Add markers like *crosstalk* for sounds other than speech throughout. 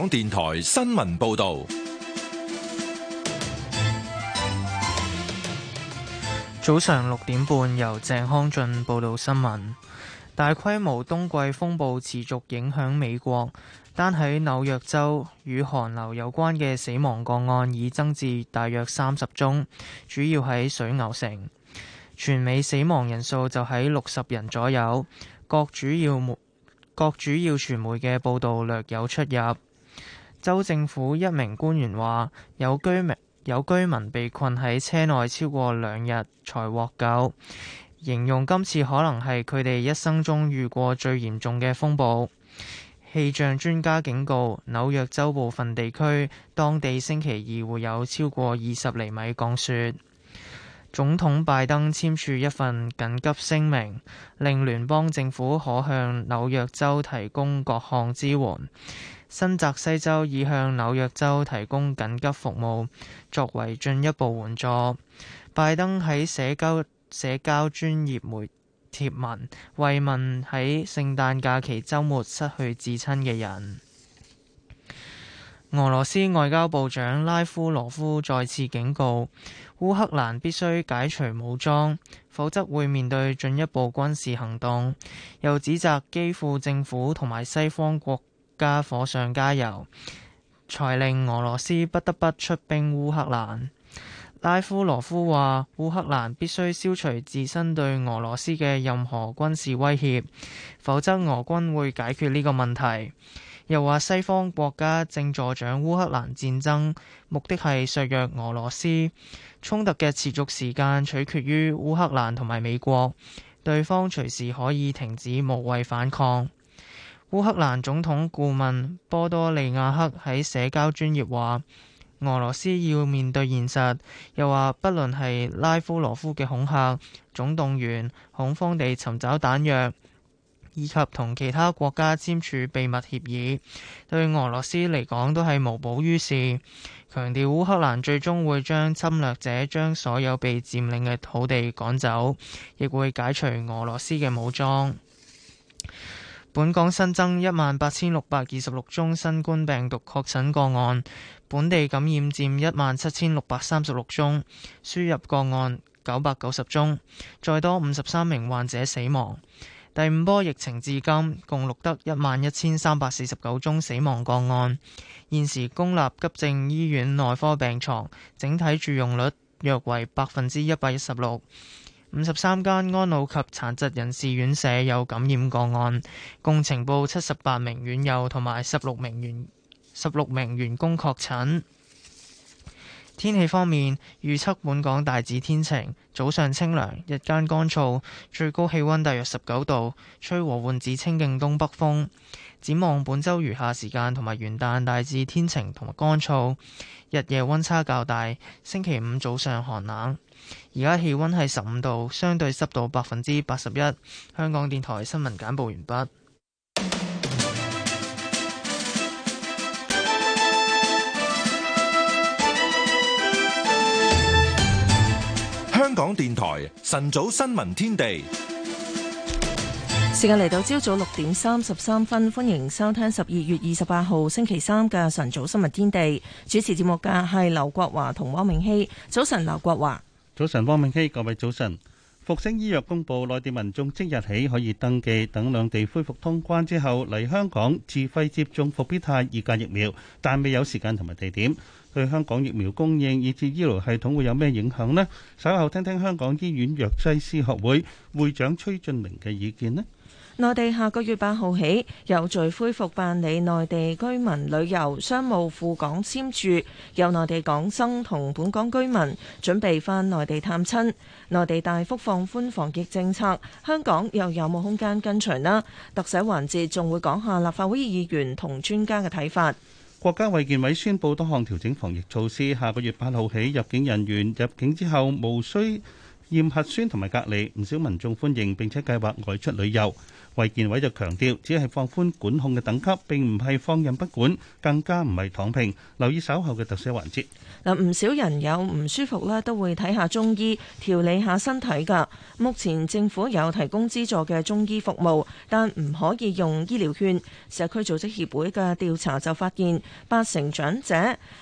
港電台新聞報道，早上六點半由鄭康俊報道新聞。大規模冬季風暴持續影響美國，單喺紐約州與寒流有關嘅死亡個案已增至大約三十宗，主要喺水牛城。全美死亡人數就喺六十人左右。各主要媒，各主要傳媒嘅報道略有出入。州政府一名官員話：有居民有居民被困喺車內超過兩日才獲救，形容今次可能係佢哋一生中遇過最嚴重嘅風暴。氣象專家警告紐約州部分地區，當地星期二會有超過二十厘米降雪。總統拜登簽署一份緊急聲明，令聯邦政府可向紐約州提供各項支援。新澤西州已向紐約州提供緊急服務作為進一步援助。拜登喺社交社交專業媒貼文慰問喺聖誕假期周末失去至親嘅人。俄羅斯外交部長拉夫羅夫再次警告烏克蘭必須解除武裝，否則會面對進一步軍事行動，又指責基輔政府同埋西方國加火上加油，才令俄羅斯不得不出兵烏克蘭。拉夫羅夫話：烏克蘭必須消除自身對俄羅斯嘅任何軍事威脅，否則俄軍會解決呢個問題，又話西方國家正助長烏克蘭戰爭，目的係削弱俄羅斯。衝突嘅持續時間取決於烏克蘭同埋美國，對方隨時可以停止無謂反抗。烏克蘭總統顧問波多利亞克喺社交專業話：俄羅斯要面對現實，又話不論係拉夫羅夫嘅恐嚇、總動員、恐慌地尋找彈藥，以及同其他國家簽署秘密協議，對俄羅斯嚟講都係無補於事。強調烏克蘭最終會將侵略者將所有被佔領嘅土地趕走，亦會解除俄羅斯嘅武裝。本港新增一萬八千六百二十六宗新冠病毒確診個案，本地感染佔一萬七千六百三十六宗，輸入個案九百九十宗，再多五十三名患者死亡。第五波疫情至今共錄得一萬一千三百四十九宗死亡個案。現時公立急症醫院內科病床整體住用率約為百分之一百一十六。五十三間安老及殘疾人士院舍有感染個案，共呈報七十八名院友同埋十六名員十六名員工確診。天氣方面預測本港大致天晴，早上清涼，日間乾燥，最高氣温大約十九度，吹和緩至清勁東北風。展望本周餘下時間同埋元旦大致天晴同埋乾燥，日夜温差較大，星期五早上寒冷。而家氣溫係十五度，相對濕度百分之八十一。香港電台新聞簡報完畢。香港電台晨早新聞天地，時間嚟到朝早六點三十三分，歡迎收聽十二月二十八號星期三嘅晨早新聞天地。主持節目嘅係劉國華同汪明熙。早晨，劉國華。早晨，汪明熙，各位早晨。復星醫藥公布，內地民眾即日起可以登記等兩地恢復通關之後嚟香港自費接種復必泰二價疫苗，但未有時間同埋地點。對香港疫苗供應，以至醫療系統會有咩影響呢？稍後聽聽香港醫院藥劑師學會會長崔俊明嘅意見呢？內地下個月八號起有序恢復辦理內地居民旅遊、商務赴港簽注，有內地港生同本港居民準備返內地探親。內地大幅放寬防疫政策，香港又有冇空間跟隨呢？特使環節仲會講下立法會議員同專家嘅睇法。國家衛健委宣布多項調整防疫措施，下個月八號起入境人員入境之後無需驗核酸同埋隔離，唔少民眾歡迎並且計劃外出旅遊。衛健委就強調，只係放寬管控嘅等級，並唔係放任不管，更加唔係躺平。留意稍後嘅特色環節。嗱，唔少人有唔舒服啦，都會睇下中醫調理下身體噶。目前政府有提供資助嘅中醫服務，但唔可以用醫療券。社區組織協會嘅調查就發現八成長者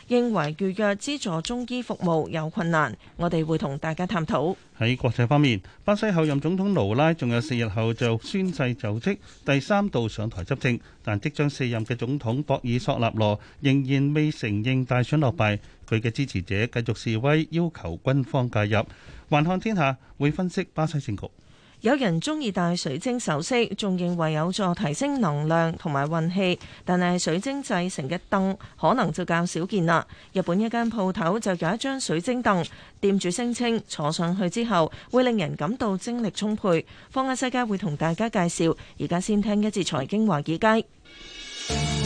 認為預約資助中醫服務有困難，我哋會同大家探討。喺國際方面，巴西候任總統盧拉仲有四日後就宣誓就職，第三度上台執政，但即將卸任嘅總統博爾索納羅仍然未承認大選落敗。佢嘅支持者繼續示威，要求軍方介入。環看天下會分析巴西政局。有人中意戴水晶首飾，仲認為有助提升能量同埋運氣，但係水晶製成嘅凳可能就較少見啦。日本一間鋪頭就有一張水晶凳，店主聲稱坐上去之後會令人感到精力充沛。放眼世界會同大家介紹。而家先聽一節財經華爾街。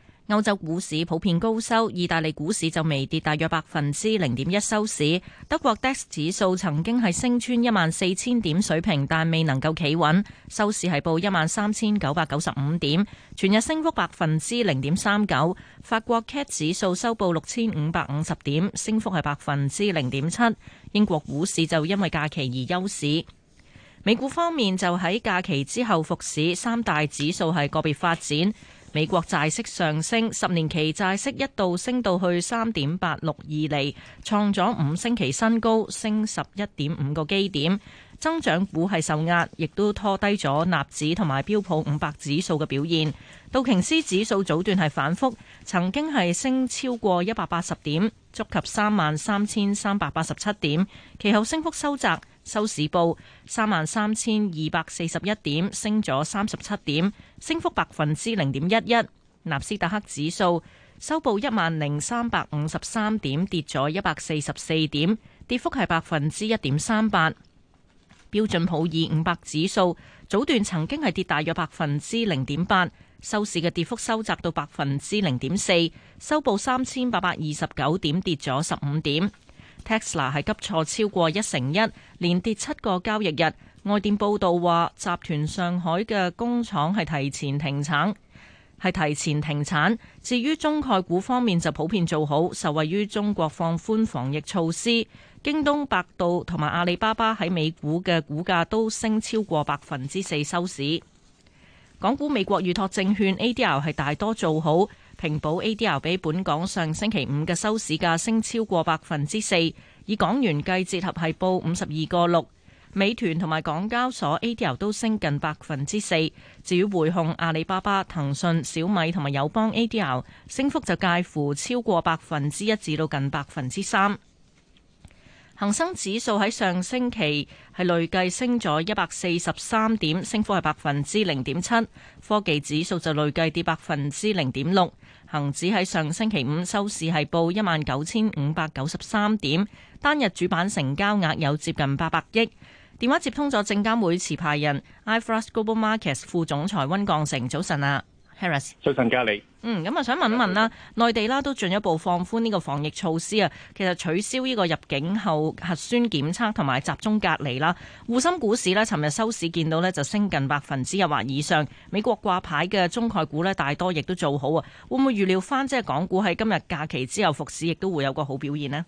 歐洲股市普遍高收，意大利股市就微跌，大約百分之零點一收市。德國 DAX 指數曾經係升穿一萬四千點水平，但未能夠企穩，收市係報一萬三千九百九十五點，全日升幅百分之零點三九。法國 CAC 指數收報六千五百五十點，升幅係百分之零點七。英國股市就因為假期而休市。美股方面就喺假期之後復市，三大指數係個別發展。美國債息上升，十年期債息一度升到去三點八六二厘，創咗五星期新高，升十一點五個基點。增長股係受壓，亦都拖低咗納指同埋標普五百指數嘅表現。道瓊斯指數早段係反覆，曾經係升超過一百八十點，觸及三萬三千三百八十七點，其後升幅收窄。收市報三萬三千二百四十一點，升咗三十七點，升幅百分之零點一一。納斯達克指數收報一萬零三百五十三點，跌咗一百四十四點，跌幅係百分之一點三八。標準普爾五百指數早段曾經係跌大約百分之零點八，收市嘅跌幅收窄到百分之零點四，收報三千八百二十九點，跌咗十五點。Tesla 係急挫超過一成一，連跌七個交易日。外電報道話，集團上海嘅工廠係提前停產，係提前停產。至於中概股方面就普遍做好，受惠於中國放寬防疫措施。京東、百度同埋阿里巴巴喺美股嘅股價都升超過百分之四收市。港股美國預託證券 ADR 係大多做好。平保 ADR 比本港上星期五嘅收市價升超過百分之四，以港元計，折合係報五十二個六。美團同埋港交所 ADR 都升近百分之四。至於匯控、阿里巴巴、騰訊、小米同埋友邦 ADR，升幅就介乎超過百分之一至到近百分之三。恒生指數喺上星期係累計升咗一百四十三點，升幅係百分之零點七。科技指數就累計跌百分之零點六。恒指喺上星期五收市係報一萬九千五百九十三點，單日主板成交額有接近八百億。電話接通咗證監會持牌人 iFAST Global Markets 副總裁溫鋼成，早晨啊！早晨，加里 Paris.、嗯。嗯，咁、嗯、啊，想問一問啦，內地啦，都進一步放寬呢個防疫措施啊，其實取消呢個入境後核酸檢測同埋集中隔離啦。滬深股市咧，尋日收市見到咧就升近百分之一或以上。美國掛牌嘅中概股咧，大多亦都做好啊，會唔會預料翻即係港股喺今日假期之後復市，亦都會有個好表現咧？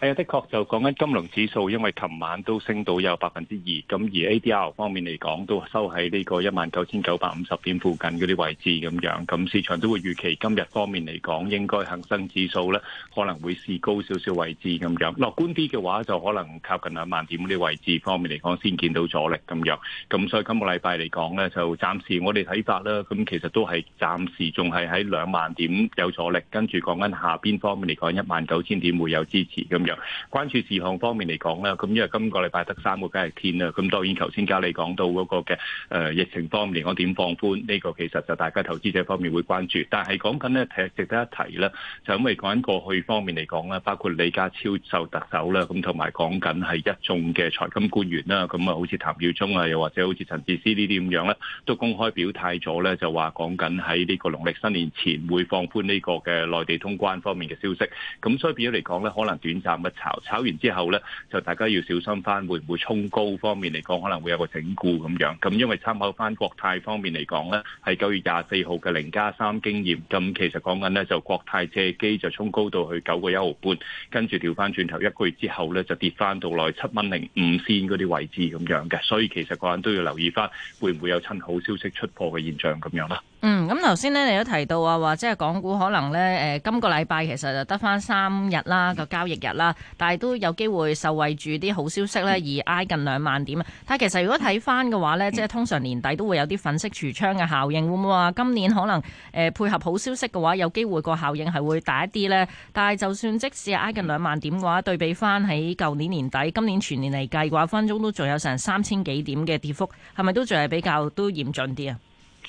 係啊，的確就講緊金融指數，因為琴晚都升到有百分之二。咁而 ADR 方面嚟講，都收喺呢個一萬九千九百五十點附近嗰啲位置咁樣。咁市場都會預期今日方面嚟講，應該恒生指數咧可能會試高少少位置咁樣。樂觀啲嘅話，就可能靠近兩萬點嗰啲位置方面嚟講，先見到阻力咁樣。咁所以今個禮拜嚟講咧，就暫時我哋睇法啦。咁其實都係暫時仲係喺兩萬點有阻力，跟住講緊下邊方面嚟講一萬九千點會有支持咁樣。關注事項方面嚟講咧，咁因為今個禮拜得三個交易天啦，咁當然頭先加你講到嗰個嘅誒疫情方面，我點放寬呢個其實就大家投資者方面會關注，但係講緊呢，其實值得一提啦，就咁嚟講緊過去方面嚟講啦，包括李家超就特首啦，咁同埋講緊係一眾嘅財金官員啦，咁啊好似譚耀宗啊，又或者好似陳智思呢啲咁樣咧，都公開表態咗咧，就話講緊喺呢個農曆新年前會放寬呢個嘅內地通關方面嘅消息，咁所以變咗嚟講咧，可能短暫。炒炒完之後咧，就大家要小心翻，會唔會衝高方面嚟講，可能會有個整固咁樣。咁因為參考翻國泰方面嚟講咧，喺九月廿四號嘅零加三經驗，咁其實講緊咧就國泰借機就衝高到去九個一毫半，跟住調翻轉頭一個月之後咧就跌翻到來七蚊零五仙嗰啲位置咁樣嘅。所以其實個人都要留意翻，會唔會有趁好消息出貨嘅現象咁樣啦。嗯，咁頭先咧你都提到話，話即係港股可能咧誒、呃，今個禮拜其實就得翻三日啦個交易日啦。但係都有機會受惠住啲好消息咧，而挨近兩萬點啊。但係其實如果睇翻嘅話咧，即係通常年底都會有啲粉飾櫥窗嘅效應，會唔會話今年可能誒配合好消息嘅話，有機會個效應係會大一啲咧？但係就算即使係挨近兩萬點嘅話，對比翻喺舊年年底，今年全年嚟計嘅話，分鐘都仲有成三千幾點嘅跌幅，係咪都仲係比較都嚴峻啲啊？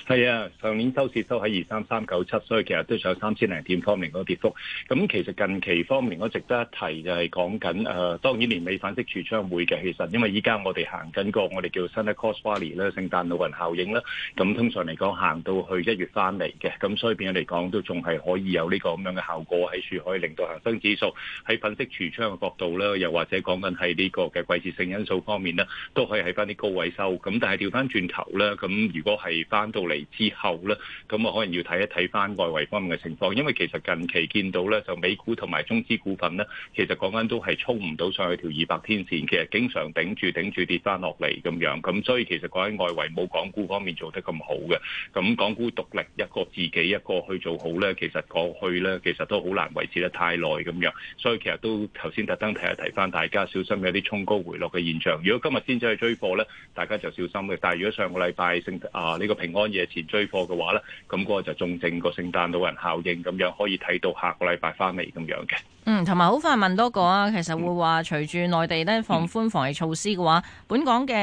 係啊，上年收市都喺二三三九七，所以其實都上三千零點方面嗰個跌幅。咁其實近期方面嗰值得一提就係講緊誒、呃，當然年尾粉飾櫥窗會嘅，其實因為依家我哋行緊個我哋叫 Santa Claus Holiday 啦，聖誕老人效應啦。咁通常嚟講行到去一月翻嚟嘅，咁所以變咗嚟講都仲係可以有呢個咁樣嘅效果喺處，可以令到恒生指數喺粉飾櫥窗嘅角度啦，又或者講緊係呢個嘅季節性因素方面咧，都可以喺翻啲高位收。咁但係調翻轉頭啦。咁如果係翻到嚟。嚟之後咧，咁我可能要睇一睇翻外圍方面嘅情況，因為其實近期見到咧，就美股同埋中資股份咧，其實講緊都係衝唔到上去條二百天線，其實經常頂住頂住跌翻落嚟咁樣，咁所以其實講緊外圍冇港股方面做得咁好嘅，咁港股獨立一個自己一個去做好咧，其實過去咧其實都好難維持得太耐咁樣，所以其實都頭先特登提一提翻大家小心嘅一啲衝高回落嘅現象。如果今日先走去追貨咧，大家就小心嘅；但係如果上個禮拜升啊呢個平安夜，前追貨嘅話呢，咁嗰個就仲正個聖誕老人效應，咁樣可以睇到下個禮拜翻嚟咁樣嘅。嗯，同埋好快問多個啊，其實會話隨住內地呢放寬防疫措施嘅話，嗯、本港嘅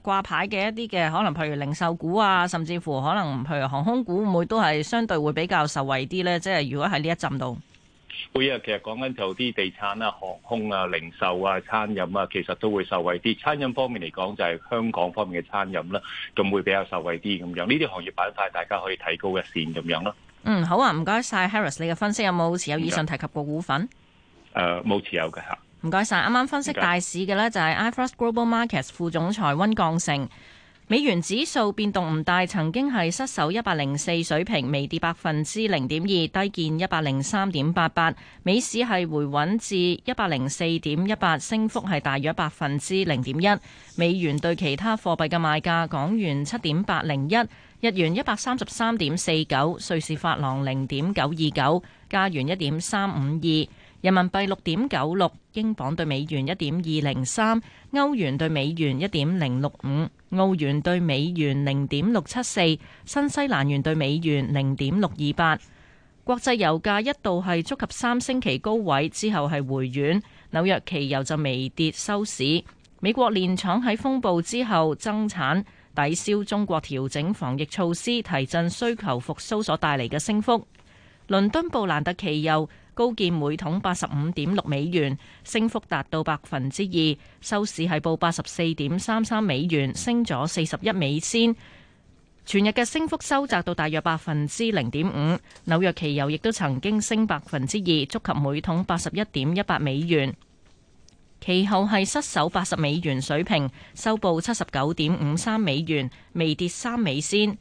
掛牌嘅一啲嘅，可能譬如零售股啊，甚至乎可能譬如航空股，會唔會都係相對會比較受惠啲呢？即係如果喺呢一陣度。每日其實講緊就啲地產啦、航空啊、零售啊、餐飲啊，其實都會受惠啲。餐飲方面嚟講，就係香港方面嘅餐飲啦，咁會比較受惠啲咁樣。呢啲行業板塊大家可以提高一線咁樣咯。嗯，好啊，唔該晒。Harris 你嘅分析有冇持有以上提及過股份？誒，冇持有嘅嚇。唔該晒，啱啱謝分析大市嘅咧就係 iFirst Global Markets 副總裁温鋼盛。美元指數變動唔大，曾經係失守一百零四水平，微跌百分之零點二，低見一百零三點八八。美市係回穩至一百零四點一八，升幅係大約百分之零點一。美元對其他貨幣嘅賣價，港元七點八零一，日元一百三十三點四九，瑞士法郎零點九二九，加元一點三五二。人民幣六點九六，英鎊對美元一點二零三，歐元對美元一點零六五，澳元對美元零點六七四，新西蘭元對美元零點六二八。國際油價一度係觸及三星期高位，之後係回軟。紐約期油就微跌收市。美國煉廠喺風暴之後增產，抵消中國調整防疫措施、提振需求復甦所帶嚟嘅升幅。倫敦布蘭特期油，高見每桶八十五點六美元，升幅達到百分之二，收市係報八十四點三三美元，升咗四十一美仙。全日嘅升幅收窄到大約百分之零點五。紐約期油亦都曾經升百分之二，觸及每桶八十一點一八美元。其後係失守八十美元水平，收報七十九點五三美元，微跌三美仙。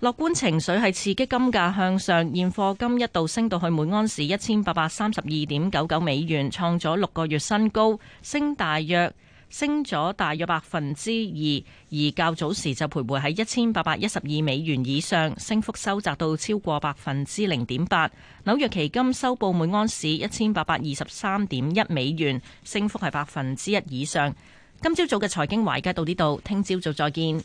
樂觀情緒係刺激金價向上，現貨金一度升到去每安士一千八百三十二點九九美元，創咗六個月新高，升大約，升咗大約百分之二。而較早時就徘徊喺一千八百一十二美元以上，升幅收窄到超過百分之零點八。紐約期金收報每安士一千八百二十三點一美元，升幅係百分之一以上。今朝早嘅財經懷介到呢度，聽朝早再見。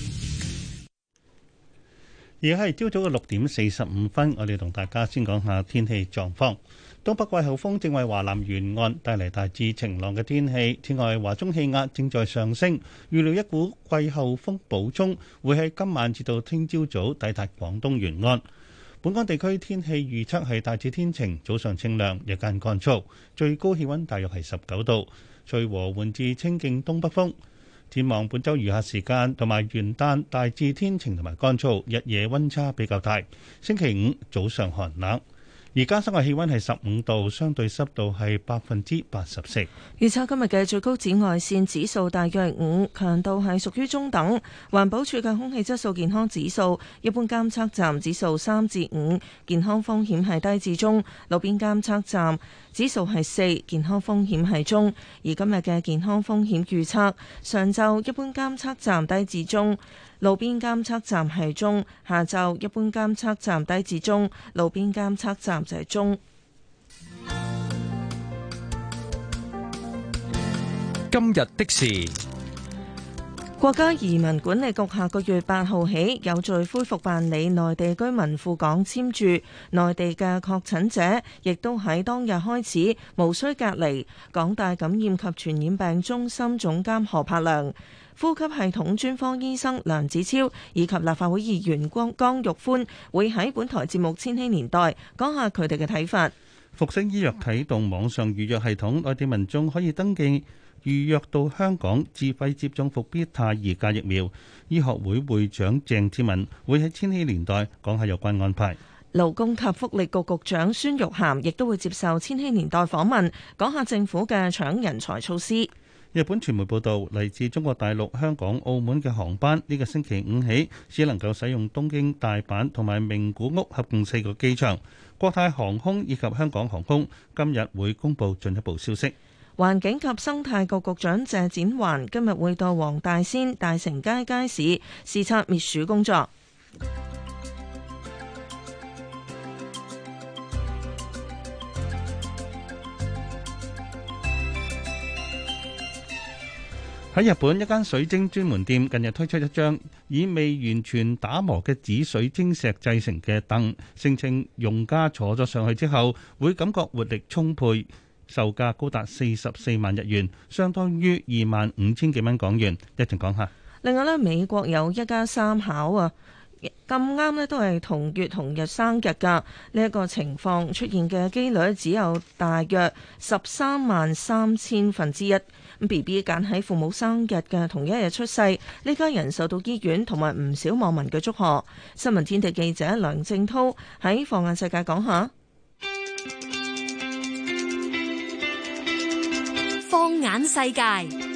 而係朝早嘅六點四十五分，我哋同大家先講下天氣狀況。東北季候風正為華南沿岸帶嚟大致晴朗嘅天氣，此外華中氣壓正在上升，預料一股季候風補充會喺今晚至到聽朝早抵達廣東沿岸。本港地區天氣預測係大致天晴，早上清涼，日間乾燥，最高氣溫大約係十九度，吹和緩至清勁東北風。展望本周餘下時間同埋元旦，大致天晴同埋乾燥，日夜温差比較大。星期五早上寒冷，而家室外氣溫係十五度，相對濕度係百分之八十四。預測今日嘅最高紫外線指數大約五，強度係屬於中等。環保署嘅空氣質素健康指數，一般監測站指數三至五，健康風險係低至中。路邊監測站，指數係四，健康風險係中。而今日嘅健康風險預測，上晝一般監測站低至中，路邊監測站係中；下晝一般監測站低至中，路邊監測站就係中。今日的事。國家移民管理局下個月八號起有序恢復辦理內地居民赴港簽注，內地嘅確診者亦都喺當日開始無需隔離。港大感染及傳染病中心總監何柏良、呼吸系統專科醫生梁子超以及立法會議員江江玉歡會喺本台節目《千禧年代》講下佢哋嘅睇法。復星醫藥啟動網上預約系統，內地民眾可以登記。預約到香港自費接種復必泰二價疫苗，醫學會會長鄭志文會喺千禧年代講下有關安排。勞工及福利局局長孫玉菡亦都會接受千禧年代訪問，講下政府嘅搶人才措施。日本傳媒報道，嚟自中國大陸、香港、澳門嘅航班，呢個星期五起只能夠使用東京大阪同埋名古屋合共四個機場。國泰航空以及香港航空今日會公布進一步消息。環境及生態局局長謝展寰今日會到黃大仙大成街街市視察滅鼠工作。喺日本一間水晶專門店近日推出一張以未完全打磨嘅紫水晶石製成嘅凳，聲稱用家坐咗上去之後會感覺活力充沛。售價高達四十四萬日元，相當於二萬五千幾蚊港元。講一陣講下。另外咧，美國有一家三口啊，咁啱咧都係同月同日生日噶，呢一個情況出現嘅機率只有大約十三萬三千分之一。咁 B B 揀喺父母生日嘅同一日出世，呢家人受到醫院同埋唔少網民嘅祝賀。新聞天地記者梁正濤喺放眼世界講下。放眼世界。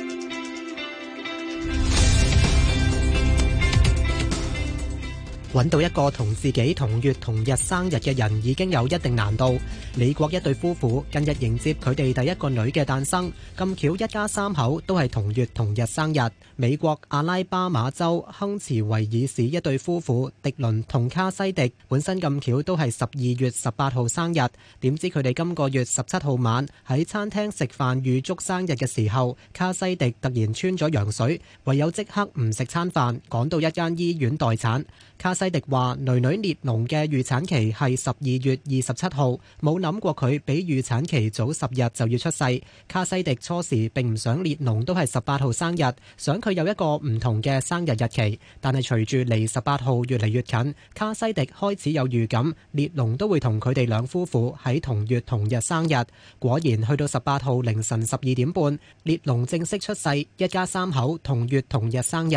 揾到一個同自己同月同日生日嘅人已經有一定難度。美國一對夫婦近日迎接佢哋第一個女嘅誕生，咁巧一家三口都係同月同日生日。美國阿拉巴馬州亨茨維爾市一對夫婦迪倫同卡西迪本身咁巧都係十二月十八號生日，點知佢哋今個月十七號晚喺餐廳食飯預祝生日嘅時候，卡西迪突然穿咗羊水，唯有即刻唔食餐飯，趕到一間醫院待產。卡西迪話：囡囡列隆嘅預產期係十二月二十七號，冇諗過佢比預產期早十日就要出世。卡西迪初時並唔想列隆都係十八號生日，想佢有一個唔同嘅生日日期。但係隨住離十八號越嚟越近，卡西迪開始有預感列隆都會同佢哋兩夫婦喺同月同日生日。果然去到十八號凌晨十二點半，列隆正式出世，一家三口同月同日生日。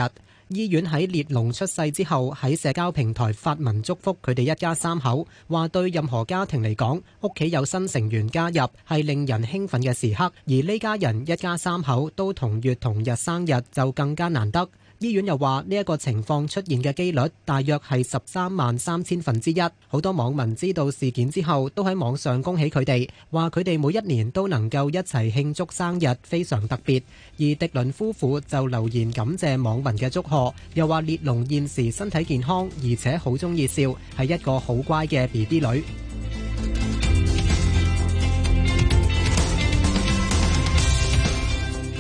醫院喺列龍出世之後，喺社交平台發文祝福佢哋一家三口，話對任何家庭嚟講，屋企有新成員加入係令人興奮嘅時刻，而呢家人一家三口都同月同日生日，就更加難得。醫院又話呢一個情況出現嘅機率大約係十三萬三千分之一。好多網民知道事件之後，都喺網上恭喜佢哋，話佢哋每一年都能夠一齊慶祝生日，非常特別。而迪倫夫婦就留言感謝網民嘅祝賀，又話列龍現時身體健康，而且好鍾意笑，係一個好乖嘅 BB 女。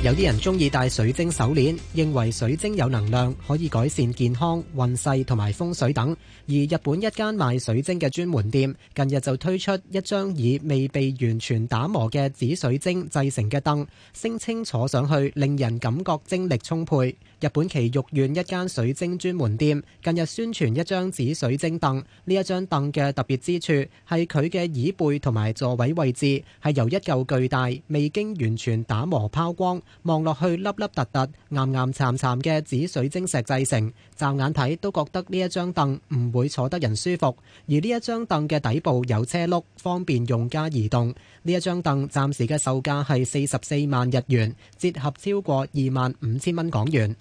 有啲人中意戴水晶手鏈，認為水晶有能量，可以改善健康、運勢同埋風水等。而日本一間賣水晶嘅專門店，近日就推出一張以未被完全打磨嘅紫水晶製成嘅凳，聲稱坐上去令人感覺精力充沛。日本崎玉縣一間水晶專門店近日宣傳一張紫水晶凳。呢一張凳嘅特別之處係佢嘅椅背同埋座位位置係由一嚿巨大、未經完全打磨拋光、望落去凹凹凸凸、岩岩殘殘嘅紫水晶石製成。驟眼睇都覺得呢一張凳唔會坐得人舒服。而呢一張凳嘅底部有車轆，方便用家移動。呢一張凳暫時嘅售價係四十四萬日元，折合超過二萬五千蚊港元。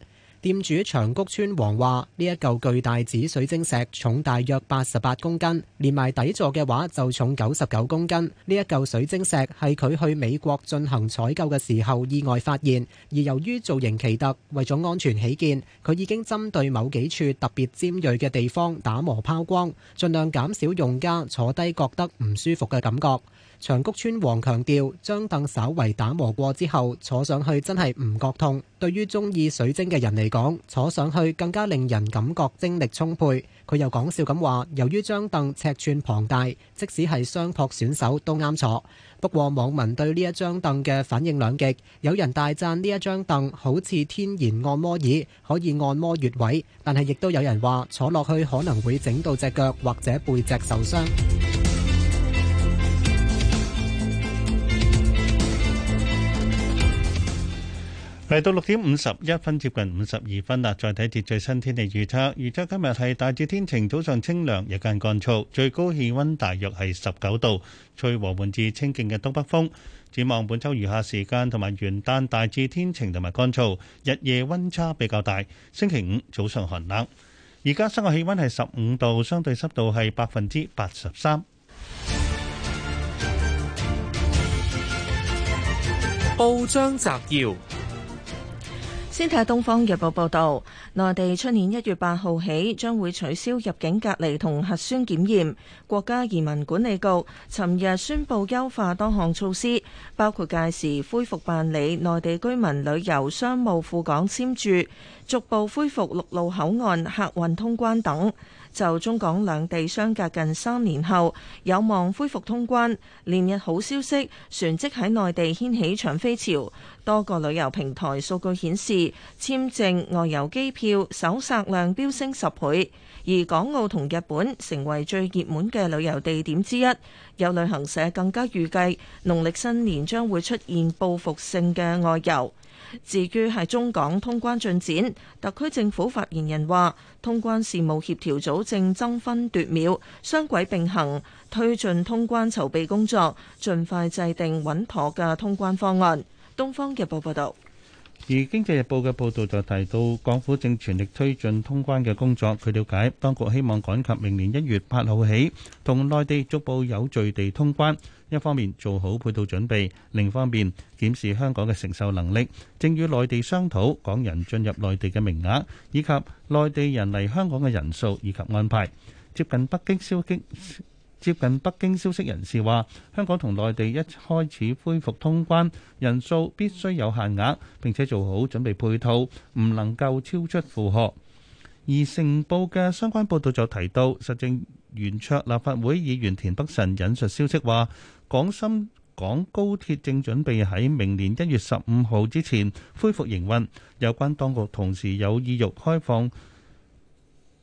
店主長谷村王話：呢一嚿巨大紫水晶石重大約八十八公斤，連埋底座嘅話就重九十九公斤。呢一嚿水晶石係佢去美國進行採購嘅時候意外發現，而由於造型奇特，為咗安全起見，佢已經針對某幾處特別尖銳嘅地方打磨拋光，盡量減少用家坐低覺得唔舒服嘅感覺。長谷村王強調，張凳稍微打磨過之後，坐上去真係唔覺痛。對於鍾意水晶嘅人嚟講，坐上去更加令人感覺精力充沛。佢又講笑咁話，由於張凳尺寸龐大，即使係雙膊選手都啱坐。不過網民對呢一張凳嘅反應兩極，有人大讚呢一張凳好似天然按摩椅，可以按摩穴位，但係亦都有人話，坐落去可能會整到隻腳或者背脊受傷。嚟到六點五十一分，接近五十二分啦。再睇一節最新天氣預測，預測今日係大致天晴，早上清涼，日間乾燥，最高氣溫大約係十九度，吹和緩至清勁嘅東北風。展望本周餘下時間同埋元旦大致天晴同埋乾燥，日夜溫差比較大。星期五早上寒冷。而家室外氣溫係十五度，相對濕度係百分之八十三。報章摘要。先睇《東方日報》報道，內地出年一月八號起將會取消入境隔離同核酸檢驗。國家移民管理局尋日宣布優化多項措施，包括屆時恢復辦理內地居民旅遊、商務赴港簽注，逐步恢復陸路口岸客運通關等。就中港兩地相隔近三年後有望恢復通關連日好消息，船即喺內地掀起搶飛潮。多個旅遊平台數據顯示，簽證外遊機票搜索量飆升十倍，而港澳同日本成為最熱門嘅旅遊地點之一。有旅行社更加預計農曆新年將會出現報復性嘅外遊。至於係中港通關進展，特區政府發言人話，通關事務協調組正爭分奪秒、雙軌並行推進通關籌備工作，盡快制定穩妥嘅通關方案。《東方日報》報道，而《經濟日報》嘅報導就提到，港府正全力推進通關嘅工作。據了解當局希望趕及明年一月八號起同內地逐步有序地通關。一方面做好配套準備，另一方面檢視香港嘅承受能力，正與內地商討港人進入內地嘅名額，以及內地人嚟香港嘅人數以及安排。接近北京消息接近北京消息人士話，香港同內地一開始恢復通關，人數必須有限額，並且做好準備配套，唔能夠超出負荷。而成報嘅相關報道就提到，實政。圓桌立法會議員田北辰引述消息話，廣深港高鐵正準備喺明年一月十五號之前恢復營運。有關當局同時有意欲開放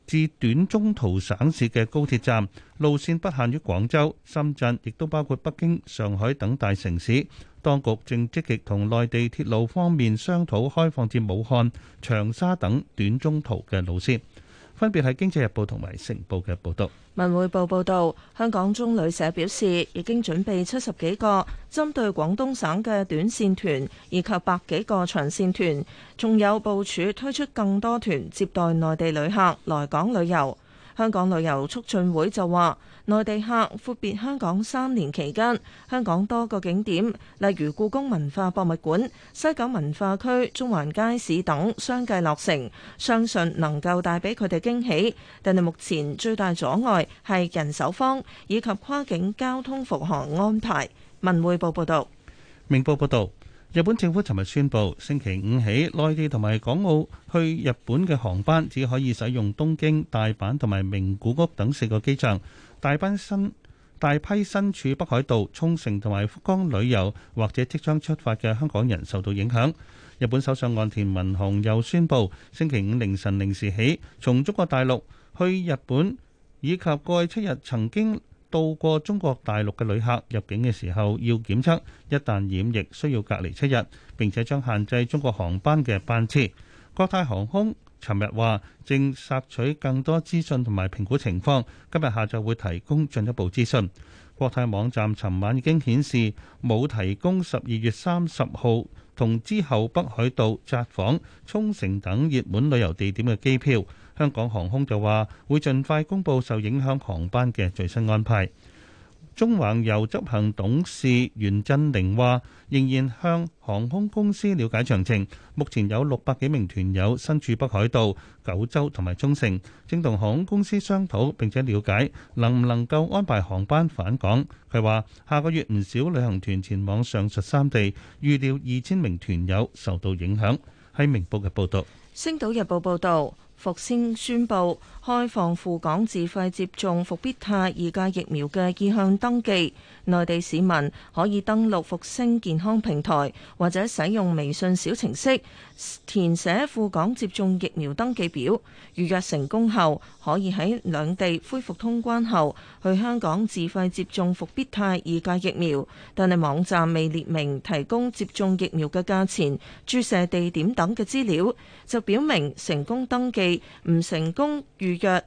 至短中途省市嘅高鐵站，路線不限於廣州、深圳，亦都包括北京、上海等大城市。當局正積極同內地鐵路方面商討開放至武漢、長沙等短中途嘅路線。分別係《經濟日報》同埋《成報》嘅報道。文匯報報導，香港中旅社表示已經準備七十幾個針對廣東省嘅短線團，以及百幾個長線團，仲有部署推出更多團接待內地旅客來港旅遊。香港旅遊促進會就話。內地客闊別香港三年期間，香港多個景點，例如故宮文化博物館、西九文化區、中環街市等，相繼落成，相信能夠帶俾佢哋驚喜。但係目前最大阻礙係人手方以及跨境交通復航安排。文匯報報道。明報報道。日本政府尋日宣布，星期五起，內地同埋港澳去日本嘅航班只可以使用東京、大阪同埋名古屋等四個機場。大班新大批身處北海道、沖繩同埋福岡旅遊或者即將出發嘅香港人受到影響。日本首相岸田文雄又宣布，星期五凌晨零時起，從中國大陸去日本以及過去七日曾經到過中國大陸嘅旅客入境嘅時候要檢測，一旦染疫需要隔離七日，並且將限制中國航班嘅班次。國泰航空尋日話正索取更多資訊同埋評估情況，今日下晝會提供進一步資訊。國泰網站尋晚已經顯示冇提供十二月三十號同之後北海道、札幌、沖繩等熱門旅遊地點嘅機票。香港航空就話會盡快公布受影響航班嘅最新安排。縱橫遊執行董事袁振寧話，仍然向航空公司了解詳情。目前有六百幾名團友身處北海道、九州同埋沖繩，正同航空公司商討，並且了解能唔能夠安排航班返港。佢話下個月唔少旅行團前往上述三地，預料二千名團友受到影響。喺明報嘅報道，《星島日報》報道。復星宣布，開放赴港自費接種復必泰二價疫苗嘅意向登記，內地市民可以登錄復星健康平台或者使用微信小程式，填寫赴港接種疫苗登記表，預約成功後可以喺兩地恢復通關後去香港自費接種復必泰二價疫苗。但係網站未列明提供接種疫苗嘅價錢、注射地點等嘅資料，就表明成功登記，唔成功預。預約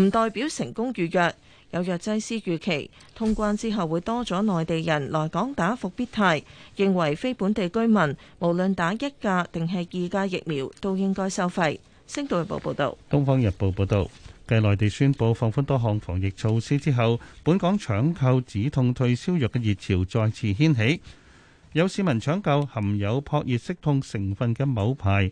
唔代表成功預約。有藥劑師預期通關之後會多咗內地人來港打復必泰，認為非本地居民無論打一價定係二價疫苗都應該收費。星島日報報道，東方日報報道，繼內地宣佈放寬多項防疫措施之後，本港搶購止痛退燒藥嘅熱潮再次掀起。有市民搶購含有撲熱息痛成分嘅某牌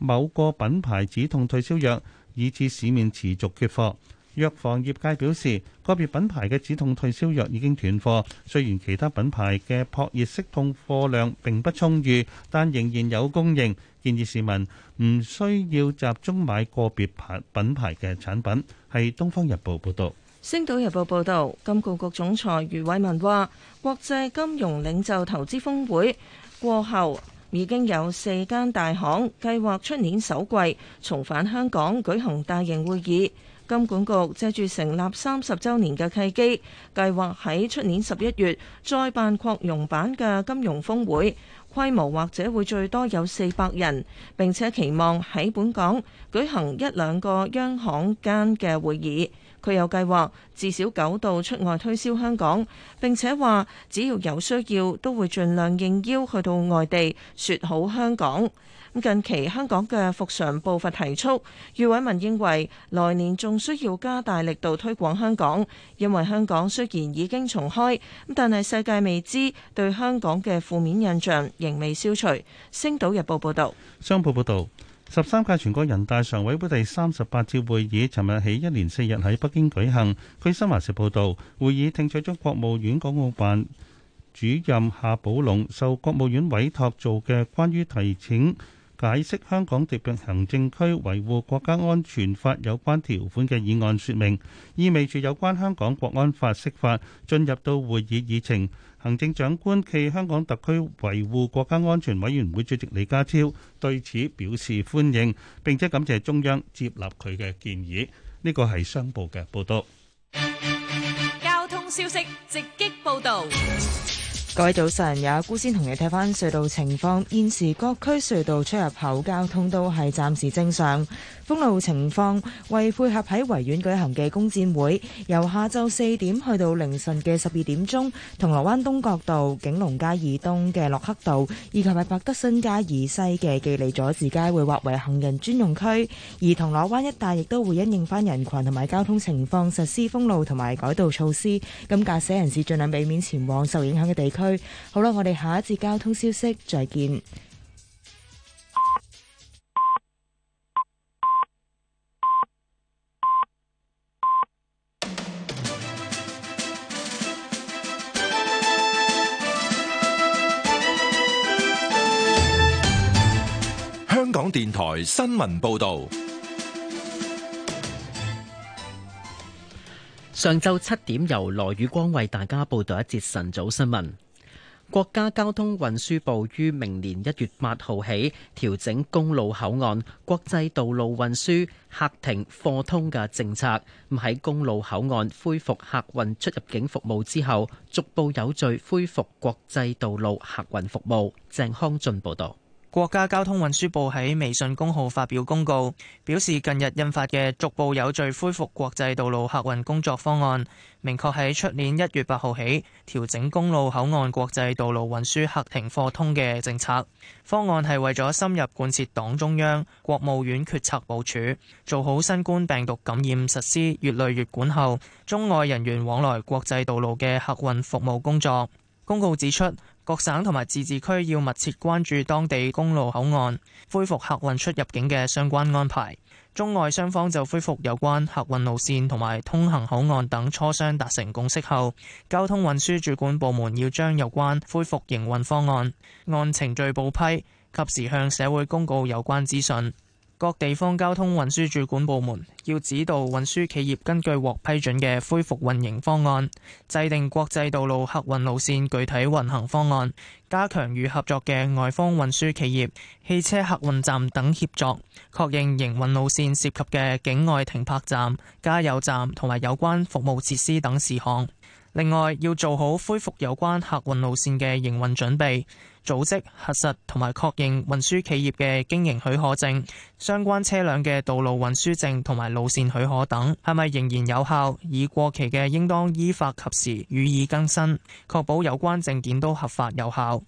某個品牌止痛退燒藥。以致市面持續缺貨，藥房業界表示，個別品牌嘅止痛退燒藥已經斷貨。雖然其他品牌嘅撲熱息痛貨量並不充裕，但仍然有供應。建議市民唔需要集中買個別牌品牌嘅產品。係《東方日報》報導，《星島日報》報導，金管局總裁余偉文話：國際金融領袖投資峰會過後。已經有四間大行計劃出年首季重返香港舉行大型會議。金管局借住成立三十週年嘅契機，計劃喺出年十一月再辦擴容版嘅金融峰會，規模或者會最多有四百人。並且期望喺本港舉行一兩個央行間嘅會議。佢有計劃，至少九度出外推銷香港。並且話，只要有需要，都會盡量應邀去到外地説好香港。咁近期香港嘅復常步伐提速，余偉文認為來年仲需要加大力度推廣香港，因為香港雖然已經重開，但係世界未知對香港嘅負面印象仍未消除。星島日報報道，商報報道。十三屆全國人大常委會第三十八次會議，尋日起一連四日喺北京舉行。據新華社報道，會議聽取咗國務院港澳辦主任夏寶龍受國務院委託做嘅關於提請解釋香港特別行政區維護國家安全法有關條款嘅議案說明，意味住有關香港國安法釋法進入到會議議程。行政長官暨香港特區維護國家安全委員會主席李家超對此表示歡迎，並且感謝中央接納佢嘅建議。呢個係商報嘅報道。交通消息直擊報道。各位早晨，有阿姑先同你睇翻隧道情況，現時各區隧道出入口，交通都係暫時正常。封路情況，為配合喺維園舉行嘅工展會，由下晝四點去到凌晨嘅十二點鐘，銅鑼灣東角道、景隆街以東嘅洛克道，以及係百德新街以西嘅記利佐治街，會劃為行人專用區。而銅鑼灣一帶亦都會因應翻人群同埋交通情況，實施封路同埋改道措施。咁駕駛人士儘量避免前往受影響嘅地區。好啦，我哋下一節交通消息，再見。香港電台新聞報道。上晝七點，由羅宇光為大家報道一節晨早新聞。國家交通運輸部於明年一月八號起調整公路口岸國際道路運輸客、停、貨通嘅政策。喺公路口岸恢復客運出入境服務之後，逐步有序恢復國際道路客運服務。鄭康俊報道。國家交通運輸部喺微信公號發表公告，表示近日印發嘅逐步有序恢復國際道路客運工作方案，明確喺出年一月八號起調整公路口岸國際道路運輸客停貨通嘅政策。方案係為咗深入貫徹黨中央、國務院決策部署，做好新冠病毒感染實施越來越管後中外人員往來國際道路嘅客運服務工作。公告指出。各省同埋自治區要密切關注當地公路口岸恢復客運出入境嘅相關安排，中外雙方就恢復有關客運路線同埋通行口岸等磋商達成共識後，交通運輸主管部門要將有關恢復營運方案按程序報批，及時向社會公告有關資訊。各地方交通運輸主管部門要指導運輸企業根據獲批准嘅恢復運營方案，制定國際道路客運路線具體運行方案，加強與合作嘅外方運輸企業、汽車客運站等協作，確認營運路線涉及嘅境外停泊站、加油站同埋有關服務設施等事項。另外，要做好恢復有關客運路線嘅營運準備。組織、核實同埋確認運輸企業嘅經營許可證、相關車輛嘅道路運輸證同埋路線許可等係咪仍然有效？已過期嘅，應當依法及時予以更新，確保有關證件都合法有效。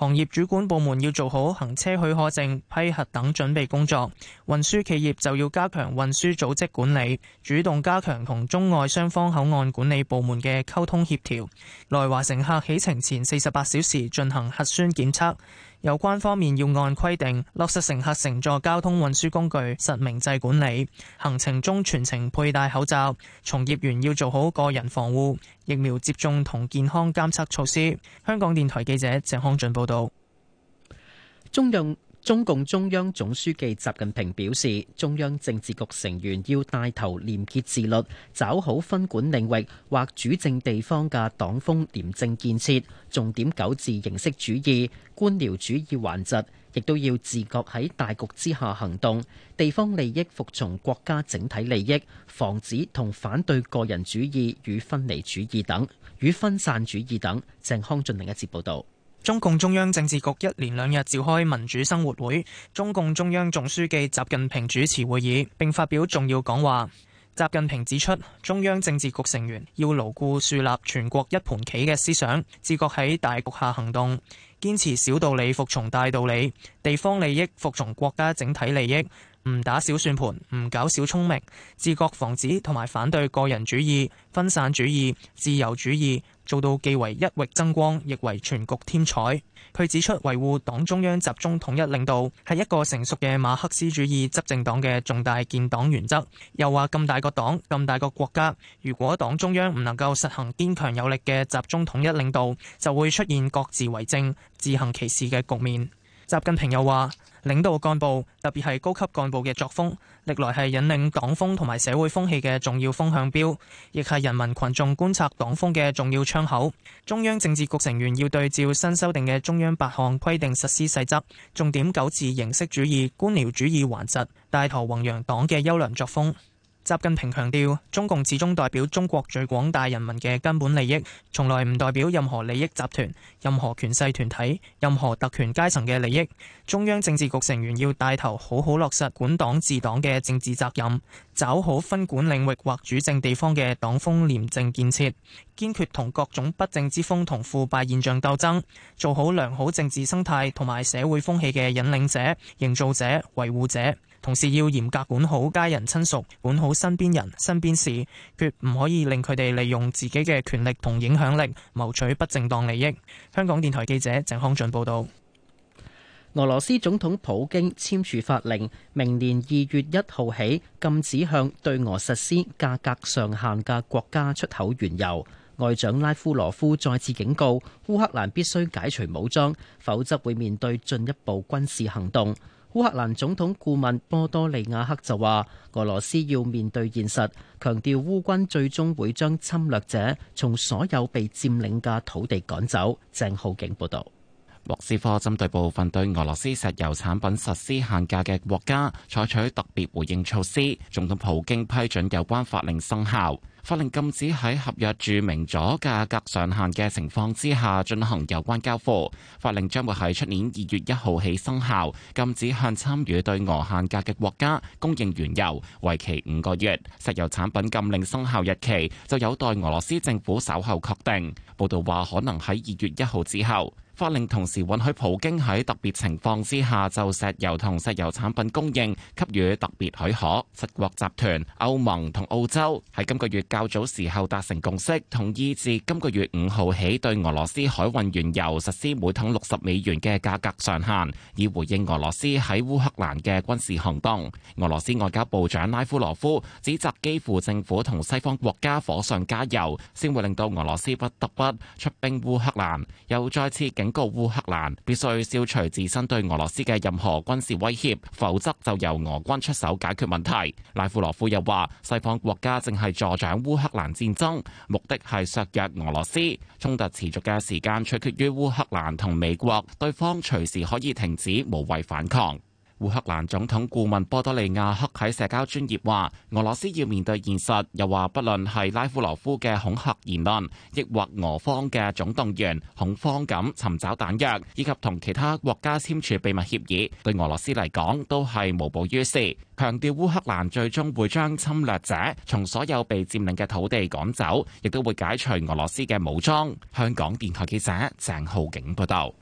行業主管部門要做好行車許可證批核等準備工作，運輸企業就要加強運輸組織管理，主動加強同中外雙方口岸管理部門嘅溝通協調。來華乘客起程前四十八小時進行核酸檢測。有關方面要按規定落實乘客乘坐交通運輸工具實名制管理，行程中全程佩戴口罩，從業員要做好個人防護、疫苗接種同健康監測措施。香港電台記者鄭康俊報道。中用。中共中央總書記習近平表示，中央政治局成員要帶頭廉潔自律，抓好分管領域或主政地方嘅黨風廉政建設，重點糾治形式主義、官僚主義頑疾，亦都要自覺喺大局之下行動，地方利益服從國家整體利益，防止同反對個人主義與分離主義等與分散主義等。鄭康俊另一節報道。中共中央政治局一連兩日召開民主生活會，中共中央總書記習近平主持會議，並發表重要講話。習近平指出，中央政治局成員要牢固樹立全國一盤棋嘅思想，自覺喺大局下行動，堅持小道理服從大道理，地方利益服從國家整體利益。唔打小算盤，唔搞小聰明，自覺防止同埋反對個人主義、分散主義、自由主義，做到既為一域爭光，亦為全局添彩。佢指出，維護黨中央集中統一領導，係一個成熟嘅馬克思主義執政黨嘅重大建黨原則，又話咁大個黨，咁大個國家，如果黨中央唔能夠實行堅強有力嘅集中統一領導，就會出現各自為政、自行其是嘅局面。習近平又話：領導幹部特別係高級幹部嘅作風，歷來係引領黨風同埋社會風氣嘅重要風向標，亦係人民群眾觀察黨風嘅重要窗口。中央政治局成員要對照新修訂嘅中央八項規定實施細則，重點糾治形式主義、官僚主義頑疾，帶頭弘揚黨嘅優良作風。習近平強調，中共始終代表中國最廣大人民嘅根本利益，從來唔代表任何利益集團、任何權勢團體、任何特權階層嘅利益。中央政治局成員要帶頭好好落實管黨治黨嘅政治責任，抓好分管領域或主政地方嘅黨風廉政建設，堅決同各種不正之風同腐敗現象鬥爭，做好良好政治生態同埋社會風氣嘅引領者、營造者、維護者。同時要嚴格管好家人親屬，管好身邊人、身邊事，決唔可以令佢哋利用自己嘅權力同影響力，謀取不正當利益。香港電台記者鄭康俊報導。俄羅斯總統普京簽署法令，明年二月一號起禁止向對俄實施價格上限嘅國家出口原油。外長拉夫羅夫再次警告，烏克蘭必須解除武裝，否則會面對進一步軍事行動。烏克蘭總統顧問波多利亞克就話：俄羅斯要面對現實，強調烏軍最終會將侵略者從所有被佔領嘅土地趕走。鄭浩景報導。莫斯科針對部分對俄羅斯石油產品實施限價嘅國家採取特別回應措施。總統普京批准有關法令生效，法令禁止喺合約注明咗價格上限嘅情況之下進行有關交付。法令將會喺出年二月一號起生效，禁止向參與對俄限價嘅國家供應原油，為期五個月。石油產品禁令生效日期就有待俄羅斯政府稍後確定。報道話，可能喺二月一號之後。法令同時允許普京喺特別情況之下就石油同石油產品供應給予特別許可。七國集團、歐盟同澳洲喺今個月較早時候達成共識，同意自今個月五號起對俄羅斯海運原油實施每桶六十美元嘅價格上限，以回應俄羅斯喺烏克蘭嘅軍事行動。俄羅斯外交部長拉夫羅夫指責基輔政府同西方國家火上加油，先會令到俄羅斯不得不出兵烏克蘭，又再次警告烏克蘭必須消除自身對俄羅斯嘅任何軍事威脅，否則就由俄軍出手解決問題。拉夫羅夫又話，西方國家正係助長烏克蘭戰爭，目的係削弱俄羅斯。衝突持續嘅時間取決於烏克蘭同美國，對方隨時可以停止無謂反抗。烏克蘭總統顧問波多利亞克喺社交專業話：俄羅斯要面對現實，又話不論係拉夫羅夫嘅恐嚇言論，抑或俄方嘅總動員、恐慌咁尋找彈藥，以及同其他國家簽署秘密協議，對俄羅斯嚟講都係無補於事。強調烏克蘭最終會將侵略者從所有被佔領嘅土地趕走，亦都會解除俄羅斯嘅武裝。香港電台記者鄭浩景報道。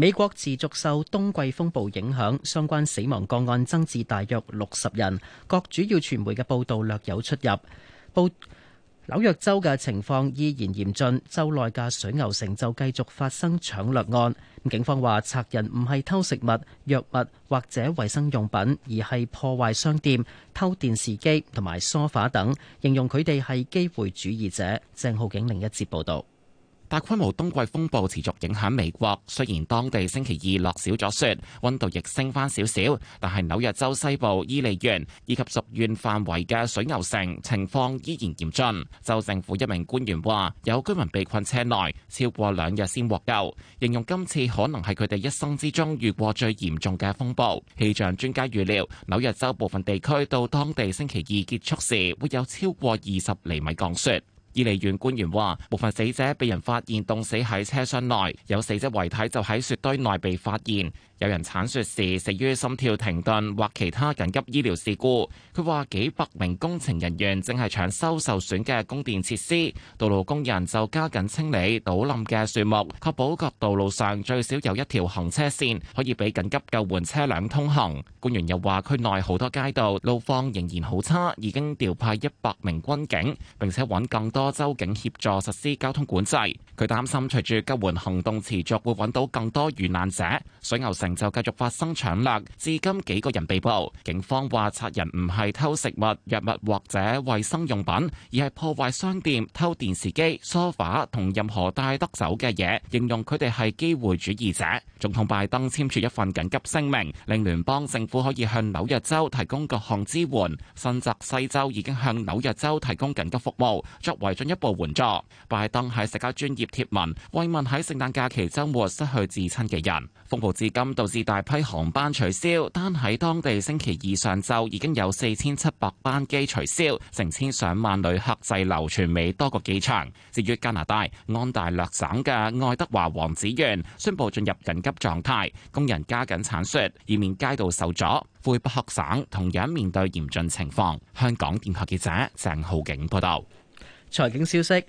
美國持續受冬季風暴影響，相關死亡個案增至大約六十人。各主要傳媒嘅報道略有出入。報紐約州嘅情況依然嚴峻，州內嘅水牛城就繼續發生搶掠案。警方話，賊人唔係偷食物、藥物或者衛生用品，而係破壞商店、偷電視機同埋梳化等，形容佢哋係機會主義者。鄭浩景另一節報導。大規模冬季風暴持續影響美國，雖然當地星期二落少咗雪，溫度亦升返少少，但係紐約州西部伊利縣以及屬縣範圍嘅水牛城情況依然嚴峻。州政府一名官員話：有居民被困車內，超過兩日先獲救，形容今次可能係佢哋一生之中遇過最嚴重嘅風暴。氣象專家預料，紐約州部分地區到當地星期二結束時，會有超過二十厘米降雪。伊利縣官員話，部分死者被人發現凍死喺車廂內，有死者遺體就喺雪堆內被發現。有人鏟雪時死於心跳停頓或其他緊急醫療事故。佢話幾百名工程人員正係搶修受損嘅供電設施，道路工人就加緊清理倒冧嘅樹木，確保各道路上最少有一條行車綫可以俾緊急救援車輛通行。官員又話，區內好多街道路況仍然好差，已經調派一百名軍警，並且搵更多，州警協助實施交通管制，佢擔心隨住救援行動持續，會揾到更多遇難者。水牛城就繼續發生搶掠，至今幾個人被捕。警方話，賊人唔係偷食物、藥物或者衛生用品，而係破壞商店、偷電視機、梳化同任何帶得走嘅嘢，形容佢哋係機會主義者。總統拜登簽署一份緊急聲明，令聯邦政府可以向紐約州提供各項支援。新澤西州已經向紐約州提供緊急服務，作為進一步援助拜登喺社交專業貼文慰問喺聖誕假期周末失去至親嘅人。風暴至今導致大批航班取消，單喺當地星期二上晝已經有四千七百班機取消，成千上萬旅客滯留全美多個機場。至於加拿大安大略省嘅愛德華王子園宣布進入緊急狀態，工人加緊鏟雪，以免街道受阻。魁北克省同樣面對嚴峻情況。香港電台記者鄭浩景報道。財經消息：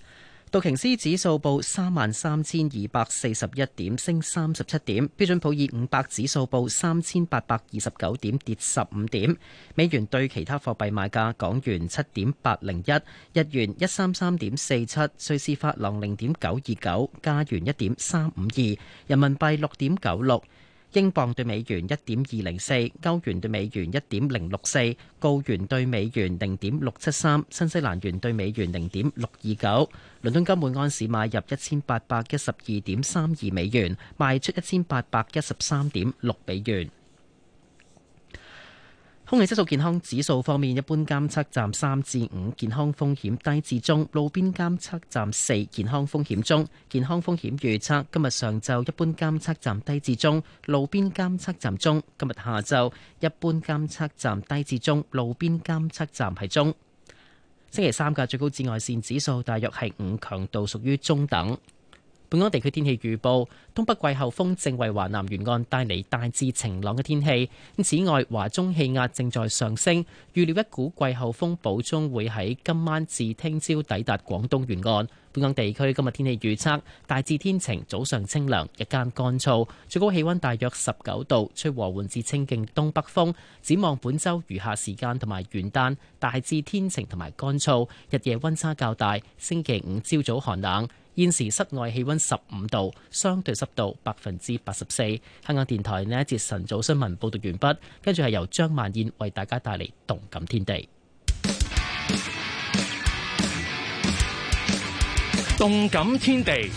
道瓊斯指數報三萬三千二百四十一點，升三十七點；標準普爾五百指數報三千八百二十九點，跌十五點。美元對其他貨幣買價：港元七點八零一，日元一三三點四七，瑞士法郎零點九二九，加元一點三五二，人民幣六點九六。英鎊兌美元一點二零四，歐元兌美元一點零六四，澳元兌美元零點六七三，新西蘭元兌美元零點六二九。倫敦金每安士買入一千八百一十二點三二美元，賣出一千八百一十三點六美元。空氣質素健康指數方面，一般監測站三至五，健康風險低至中；路邊監測站四，健康風險中。健康風險預測今日上晝一般監測站低至中，路邊監測站中；今日下晝一般監測站低至中，路邊監測站係中。星期三嘅最高紫外線指數大約係五，強度屬於中等。本港地區天氣預報：東北季候風正為華南沿岸帶嚟大致晴朗嘅天氣。此外，華中氣壓正在上升，預料一股季候風補充會喺今晚至聽朝抵達廣東沿岸。本港地區今日天氣預測：大致天晴，早上清涼，日間乾燥，最高氣溫大約十九度，吹和緩至清勁東北風。展望本週餘下時間同埋元旦，大致天晴同埋乾燥，日夜溫差較大。星期五朝早寒冷。現時室外氣溫十五度，相對濕度百分之八十四。香港電台呢一節晨早新聞報道完畢，跟住係由張曼燕為大家帶嚟動感天地。動感天地，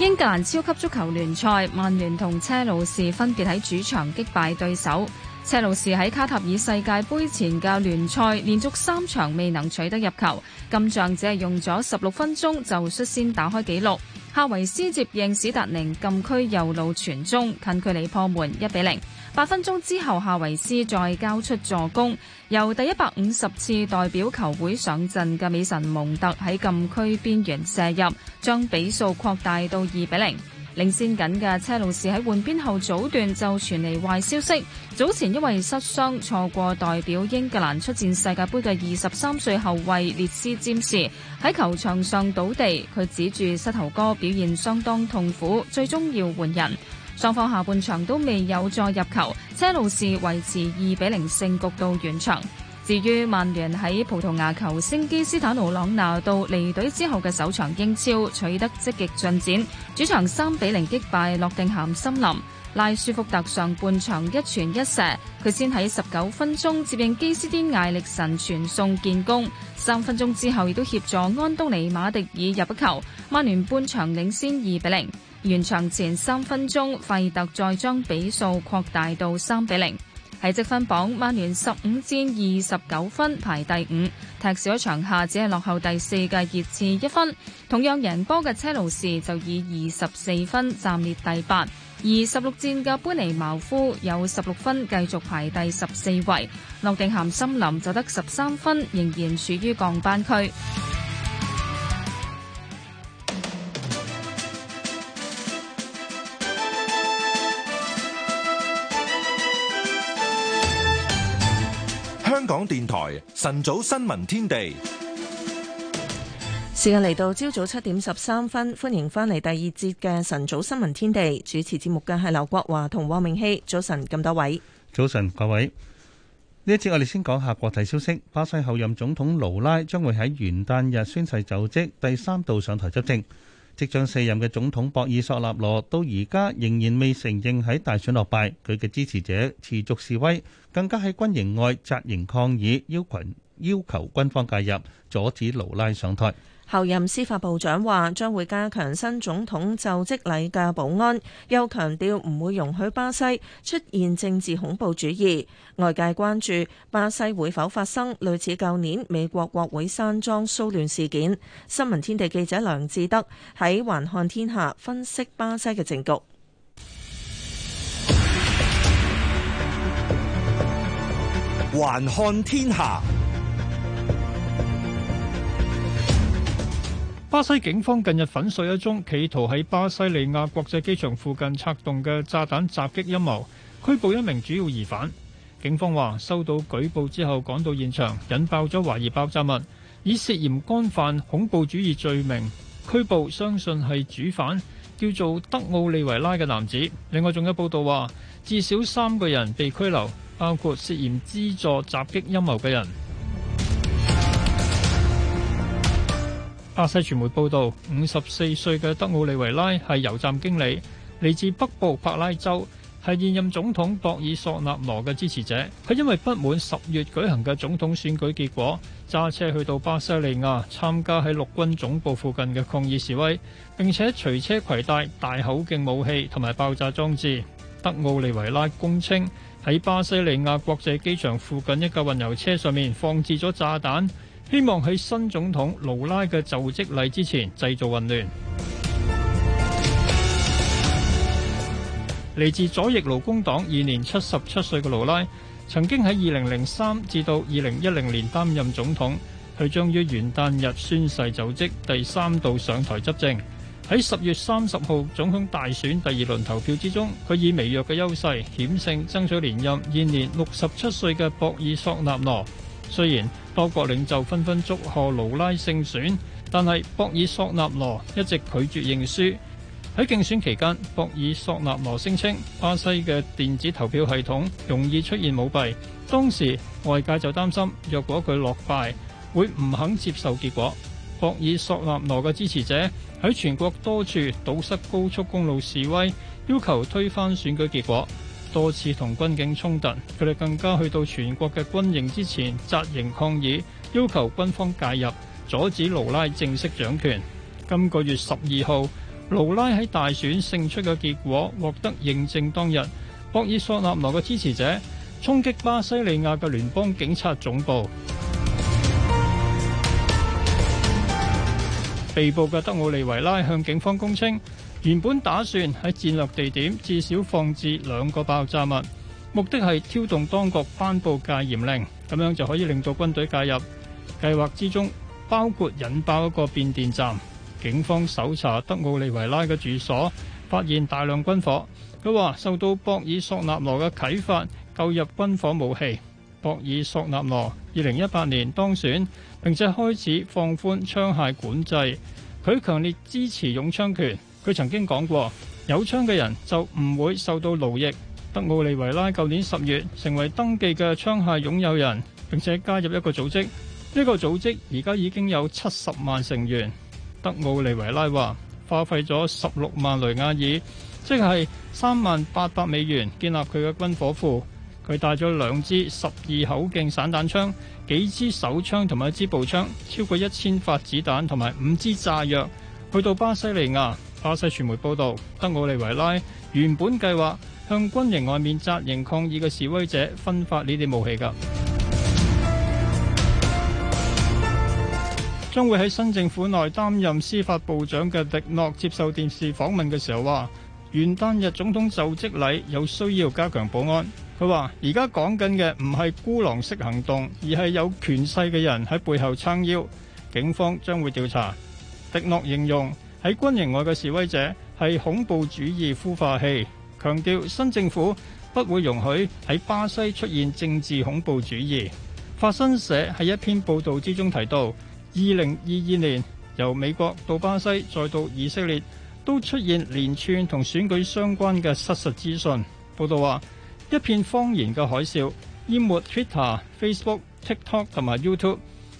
英格蘭超級足球聯賽，曼聯同車路士分別喺主場擊敗對手。車路士喺卡塔爾世界杯前嘅聯賽連續三場未能取得入球，今仗只係用咗十六分鐘就率先打開紀錄。夏維斯接應史達寧禁區右路傳中，近距離破門，一比零。八分鐘之後，夏維斯再交出助攻，由第一百五十次代表球會上陣嘅美神蒙特喺禁區邊緣射入，將比數擴大到二比零。領先緊嘅車路士喺換邊後早段就傳嚟壞消息，早前因為受傷錯過代表英格蘭出戰世界盃嘅二十三歲後衛列斯占士喺球場上倒地，佢指住膝頭哥表現相當痛苦，最終要換人。雙方下半場都未有再入球，車路士維持二比零勝局到完場。至於曼聯喺葡萄牙球星基斯坦奴·朗拿度離隊之後嘅首場英超取得積極進展，主場三比零擊敗諾定咸森林。拉舒福特上半場一傳一射，佢先喺十九分鐘接應基斯丁·艾力神傳送建功，三分鐘之後亦都協助安東尼·馬迪爾入一球，曼聯半場領先二比零。完場前三分鐘，費特再將比數擴大到三比零。喺積分榜，曼聯十五戰二十九分排第五，踢少一場下只係落後第四嘅熱刺一分。同樣贏波嘅車路士就以二十四分暫列第八，而十六戰嘅般尼茅夫有十六分繼續排第十四位，諾定咸森林就得十三分，仍然處於降班區。香港電台晨早新聞天地，時間嚟到朝早七點十三分，歡迎返嚟第二節嘅晨早新聞天地，主持節目嘅係劉國華同汪明熙。早晨咁多位，早晨各位，呢一節我哋先講下國際消息。巴西候任總統盧拉將會喺元旦日宣誓就職，第三度上台執政。即將卸任嘅總統博爾索納羅到而家仍然未承認喺大選落敗，佢嘅支持者持續示威，更加喺軍營外紮營抗議，要求要求軍方介入阻止盧拉上台。後任司法部長話將會加強新總統就職禮嘅保安，又強調唔會容許巴西出現政治恐怖主義。外界關注巴西會否發生類似舊年美國國會山莊騷亂事件。新聞天地記者梁志德喺《橫看天下》分析巴西嘅政局。橫看天下。巴西警方近日粉碎一宗企圖喺巴西利亞國際機場附近策動嘅炸彈襲擊陰謀，拘捕一名主要疑犯。警方話收到舉報之後，趕到現場引爆咗懷疑爆炸物，以涉嫌干犯恐怖主義罪名拘捕相信係主犯叫做德奧利維拉嘅男子。另外，仲有報道話至少三個人被拘留，包括涉嫌資助襲擊陰謀嘅人。巴西傳媒報道，五十四歲嘅德奧利維拉係油站經理，嚟自北部帕拉州，係現任總統博爾索納羅嘅支持者。佢因為不滿十月舉行嘅總統選舉結果，揸車去到巴西利亞參加喺陸軍總部附近嘅抗議示威，並且隨車攜帶大口徑武器同埋爆炸裝置。德奧利維拉供稱，喺巴西利亞國際機場附近一架運油車上面放置咗炸彈。希望喺新總統盧拉嘅就職禮之前製造混亂。嚟 *music* 自左翼勞工黨，現年七十七歲嘅盧拉，曾經喺二零零三至到二零一零年擔任總統。佢將於元旦日宣誓就職，第三度上台執政。喺十月三十號總統大選第二輪投票之中，佢以微弱嘅優勢險勝爭取連任，現年六十七歲嘅博爾索納羅。雖然多國領袖紛紛祝賀盧拉勝選，但係博爾索納羅一直拒絕認輸。喺競選期間，博爾索納羅聲稱巴西嘅電子投票系統容易出現舞弊，當時外界就擔心若果佢落敗，會唔肯接受結果。博爾索納羅嘅支持者喺全國多處堵塞高速公路示威，要求推翻選舉結果。多次同軍警衝突，佢哋更加去到全國嘅軍營之前紮營抗議，要求軍方介入阻止盧拉正式掌權。今個月十二號，盧拉喺大選勝出嘅結果獲得認證當日，博爾索納羅嘅支持者衝擊巴西利亞嘅聯邦警察總部，被捕嘅德奧利維拉向警方供稱，原本打算喺戰略地點至少放置兩個爆炸物，目的係挑動當局頒布戒嚴令，咁樣就可以令到軍隊介入。計劃之中包括引爆一個變電站。警方搜查德奧利維拉嘅住所，發現大量軍火。佢話受到博爾索納羅嘅啟發，購入軍火武器。博爾索納羅二零一八年當選，並且開始放寬槍械管制。佢強烈支持擁槍權。佢曾經講過：有槍嘅人就唔會受到奴役。德奧利維拉舊年十月成為登記嘅槍械擁有人，並且加入一個組織。呢個組織而家已經有七十萬成員。德奧利維拉話：花費咗十六萬雷亞爾，即係三萬八百美元，建立佢嘅軍火庫。佢帶咗兩支十二口徑散彈槍、幾支手槍同埋一支步槍，超過一千發子彈同埋五支炸藥去到巴西利亞。巴西傳媒報導，德奧利維拉原本計劃向軍營外面紮營抗議嘅示威者分發呢啲武器㗎。 *music* 將會喺新政府內擔任司法部長嘅迪諾接受電視訪問嘅時候話，元旦日總統就職禮有需要加強保安。佢話：而家講緊嘅唔係孤狼式行動，而係有權勢嘅人喺背後撐腰。警方將會調查。迪諾形容。喺軍營外嘅示威者係恐怖主義孵化器，強調新政府不會容許喺巴西出現政治恐怖主義。法新社喺一篇報導之中提到，二零二二年由美國到巴西再到以色列，都出現連串同選舉相關嘅失實資訊。報導話，一片謊言嘅海嘯淹沒 Twitter、Facebook、TikTok 同埋 YouTube，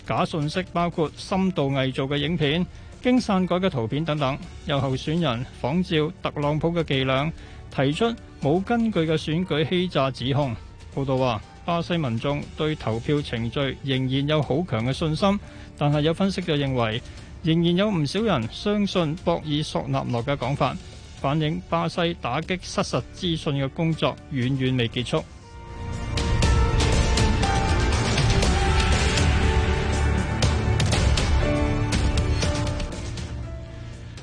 假信息包括深度偽造嘅影片。經篡改嘅圖片等等，有候選人仿照特朗普嘅伎倆，提出冇根據嘅選舉欺詐指控。報道話，巴西民眾對投票程序仍然有好強嘅信心，但係有分析就認為，仍然有唔少人相信博爾索納羅嘅講法，反映巴西打擊失實資訊嘅工作遠遠未結束。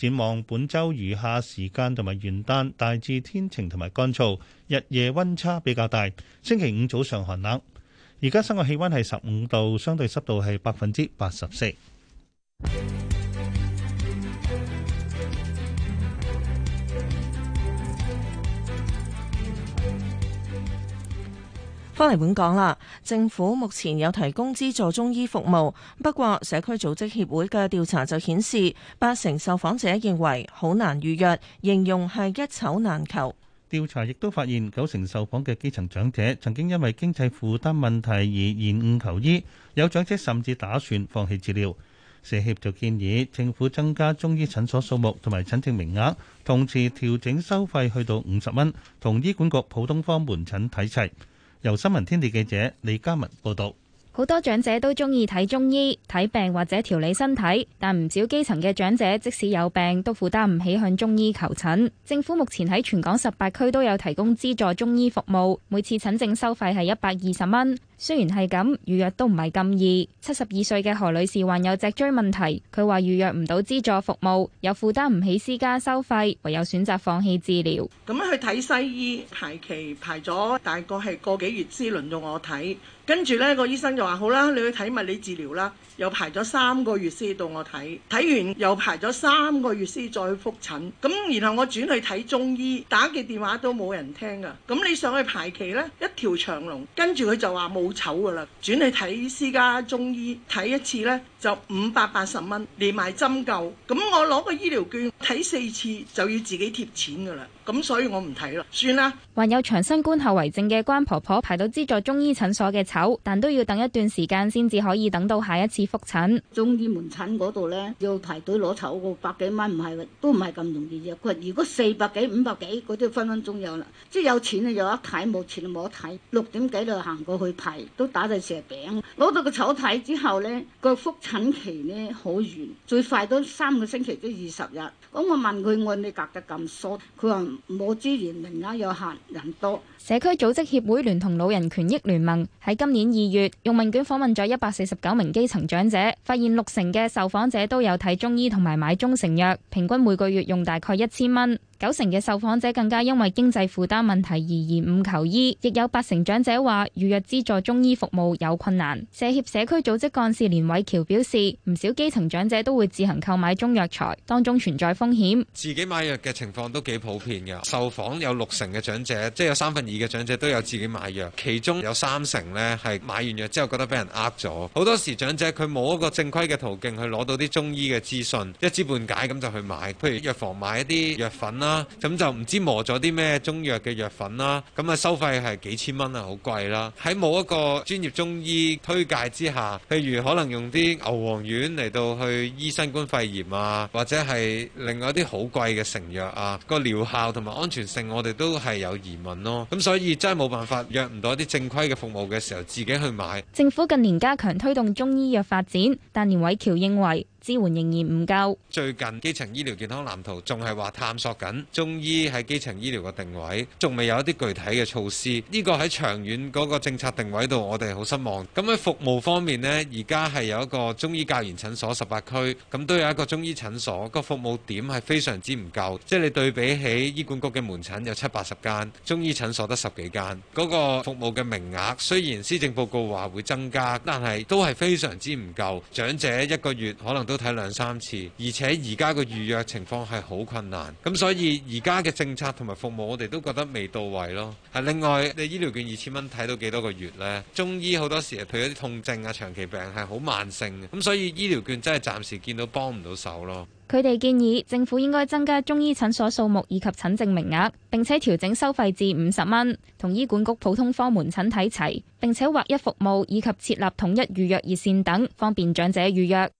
展望本周餘下時間同埋元旦，大致天晴同埋乾燥，日夜溫差比較大。星期五早上寒冷。而家室外氣溫係十五度，相對濕度係百分之八十四。翻嚟本港啦，政府目前有提供資助中醫服務，不過社區組織協會嘅調查就顯示，八成受訪者認為好難預約，形容係一籌難求。調查亦都發現九成受訪嘅基層長者曾經因為經濟負擔問題而延誤求醫，有長者甚至打算放棄治療。社協就建議政府增加中醫診所數目同埋診症名額，同時調整收費去到五十蚊，同醫管局普通科門診睇齊。由新聞天地記者李嘉文報道，好多長者都中意睇中醫睇病或者調理身體，但唔少基層嘅長者即使有病都負擔唔起向中醫求診。政府目前喺全港十八區都有提供資助中醫服務，每次診症收費係一百二十蚊。雖然係咁，預約都唔係咁易。七十二歲嘅何女士患有脊椎問題，佢話預約唔到資助服務，又負擔唔起私家收費，唯有選擇放棄治療。咁去睇西醫排期排咗大概係個幾月先輪到我睇，跟住呢個醫生就話好啦，你去睇物理治療啦。又排咗三個月先到我睇，睇完又排咗三個月先再去覆診。咁然後我轉去睇中醫，打嘅電話都冇人聽噶。咁你上去排期呢，一條長龍，跟住佢就話冇。好醜噶啦，轉 *noise* 去睇私家中醫睇一次咧，就五百八十蚊，連埋針灸。咁我攞個醫療券睇四次就要自己貼錢噶啦，咁所以我唔睇啦，算啦。患有長新冠後遺症嘅關婆婆排到資助中醫診所嘅籌，但都要等一段時間先至可以等到下一次覆診。中醫門診嗰度咧要排隊攞籌，百幾蚊唔係都唔係咁容易啫。佢話如果四百幾、五百幾，嗰啲分分鐘有啦。即係有錢就有得睇，冇錢就冇得睇。六點幾就行過去排，都打到蛇餅。攞到個籌睇之後咧，個覆診期呢，好遠，最快都三個星期都二十日。咁我問佢：我你隔得咁疏？佢話我資源名額有限。人社區組織協會聯同老人權益聯盟喺今年二月用問卷訪問咗一百四十九名基層長者，發現六成嘅受訪者都有睇中醫同埋買中成藥，平均每個月用大概一千蚊。九成嘅受訪者更加因為經濟負擔問題而延誤求醫，亦有八成長者話預約資助中醫服務有困難。社協社區組織幹事連偉橋表示，唔少基層長者都會自行購買中藥材，當中存在風險。自己買藥嘅情況都幾普遍嘅，受訪有六成嘅長者，即係有三分二嘅長者都有自己買藥，其中有三成呢係買完藥之後覺得俾人呃咗。好多時長者佢冇一個正規嘅途徑去攞到啲中醫嘅資訊，一知半解咁就去買，譬如藥房買一啲藥粉啦。咁就唔知磨咗啲咩中藥嘅藥粉啦，咁啊收費係幾千蚊啊，好貴啦！喺冇一個專業中醫推介之下，譬如可能用啲牛黃丸嚟到去醫新冠肺炎啊，或者係另外一啲好貴嘅成藥啊，個療效同埋安全性我哋都係有疑問咯。咁所以真係冇辦法約唔到一啲正規嘅服務嘅時候，自己去買。政府近年加強推動中醫藥發展，但連偉橋認為。支援仍然唔夠，最近基層醫療健康藍圖仲係話探索緊中醫喺基層醫療嘅定位，仲未有一啲具體嘅措施。呢個喺長遠嗰個政策定位度，我哋好失望。咁喺服務方面咧，而家係有一個中醫教研診所十八區，咁都有一個中醫診所，個服務點係非常之唔夠，即係你對比起醫管局嘅門診有七八十間中醫診所得十幾間嗰個服務嘅名額，雖然施政報告話會增加，但係都係非常之唔夠。長者一個月可能都睇兩三次，而且而家個預約情況係好困難，咁所以而家嘅政策同埋服務，我哋都覺得未到位咯。係另外，你醫療券二千蚊睇到幾多個月呢？中醫好多時，譬如一啲痛症啊、長期病係好慢性嘅，咁所以醫療券真係暫時見到幫唔到手咯。佢哋建議政府應該增加中醫診所數目以及診症名額，並且調整收費至五十蚊，同醫管局普通科門診睇齊，並且劃一服務以及設立統一預約熱線等，方便長者預約。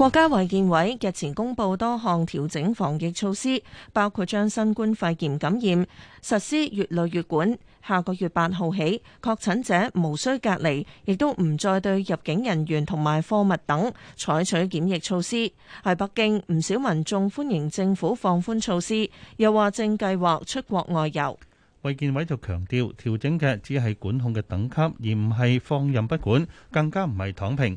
國家衛健委日前公布多項調整防疫措施，包括將新冠肺炎感染實施乙類乙管。下個月八號起，確診者無需隔離，亦都唔再對入境人員同埋貨物等採取檢疫措施。喺北京，唔少民眾歡迎政府放寬措施，又話正計劃出國外遊。衛健委就強調，調整嘅只係管控嘅等級，而唔係放任不管，更加唔係躺平。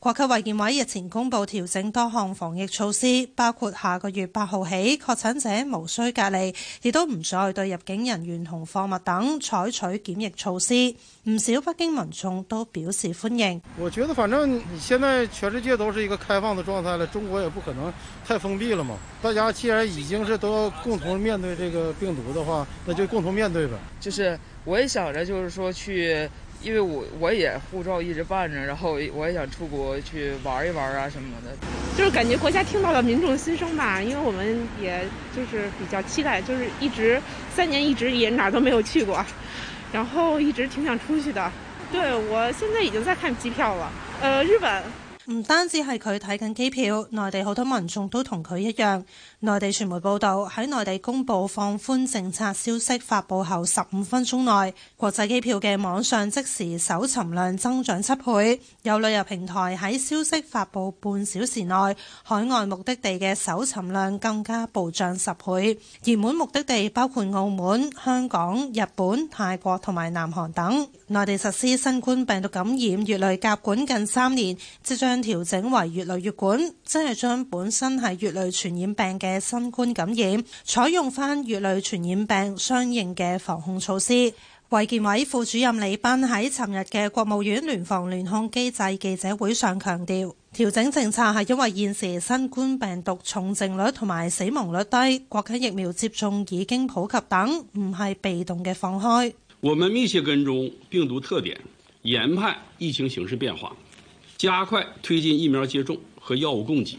國家衛健委日前公布調整多項防疫措施，包括下個月八號起確診者無需隔離，亦都唔再對入境人員同貨物等採取檢疫措施。唔少北京民眾都表示歡迎。我覺得反正現在全世界都是一個開放的狀態了，中國也不可能太封閉了嘛。大家既然已經是都要共同面對這個病毒的話，那就共同面對吧。就是我也想着就是說去。因為我我也護照一直辦着，然後我也想出國去玩一玩啊什麼的，就是感覺國家聽到了民眾的心聲吧，因為我們也就是比較期待，就是一直三年一直也哪都沒有去過，然後一直挺想出去的。對，我現在已經在看機票了，呃，日本。唔單止係佢睇緊機票，內地好多民眾都同佢一樣。內地傳媒報道，喺內地公布放寬政策消息發佈後十五分鐘內，國際機票嘅網上即時搜尋量增長七倍。有旅遊平台喺消息發佈半小時內，海外目的地嘅搜尋量更加暴漲十倍。熱門目的地包括澳門、香港、日本、泰國同埋南韓等。內地實施新冠病毒感染乙類甲管近三年，即將調整為乙類乙管，即係將本身係乙類傳染病嘅。嘅新冠感染，採用翻乙類傳染病相應嘅防控措施。衛健委副主任李斌喺尋日嘅國務院聯防聯控機制記者會上強調，調整政策係因為現時新冠病毒重症率同埋死亡率低，國產疫苗接種已經普及等，唔係被動嘅放開。我們密切跟蹤病毒特點，研判疫情形勢變化，加快推進疫苗接種和藥物供給。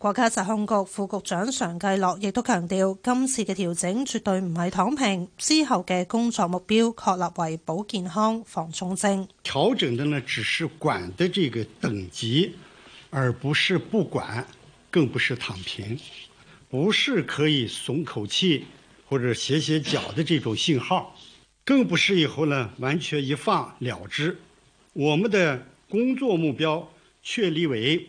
國家疾控局副局長常繼樂亦都強調，今次嘅調整絕對唔係躺平，之後嘅工作目標確立為保健康、防重症。調整的呢，只是管的這個等級，而不是不管，更不是躺平，不是可以鬆口氣或者歇歇腳的這種信號，更不是以後呢完全一放了之。我們的工作目標確立為。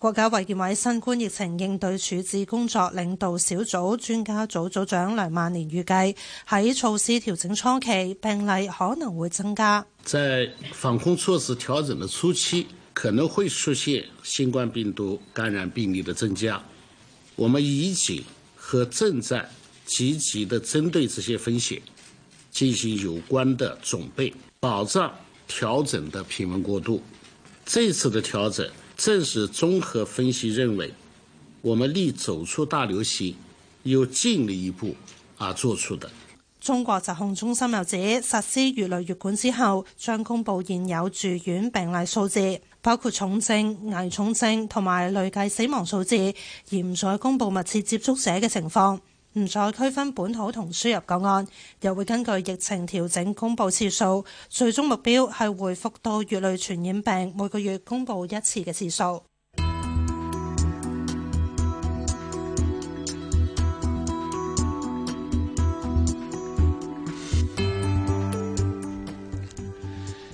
國家衛健委新冠疫情應對處置工作領導小組專家組組長梁萬年，預計喺措施調整初期，病例可能會增加。在防控措施調整的初期，可能會出現新冠病毒感染病例的增加。我們已經和正在積極的針對這些風險進行有關的準備，保障調整的平穩過渡。這次的調整，正是綜合分析認為，我們離走出大流行又近了一步，而做出的。中國疾控中心又指，實施乙類乙管之後，將公布現有住院病例數字，包括重症、危重症同埋累計死亡數字，而唔再公布密切接觸者嘅情況。唔再區分本土同輸入個案，又會根據疫情調整公布次數，最終目標係回復到乙類傳染病每個月公布一次嘅次數。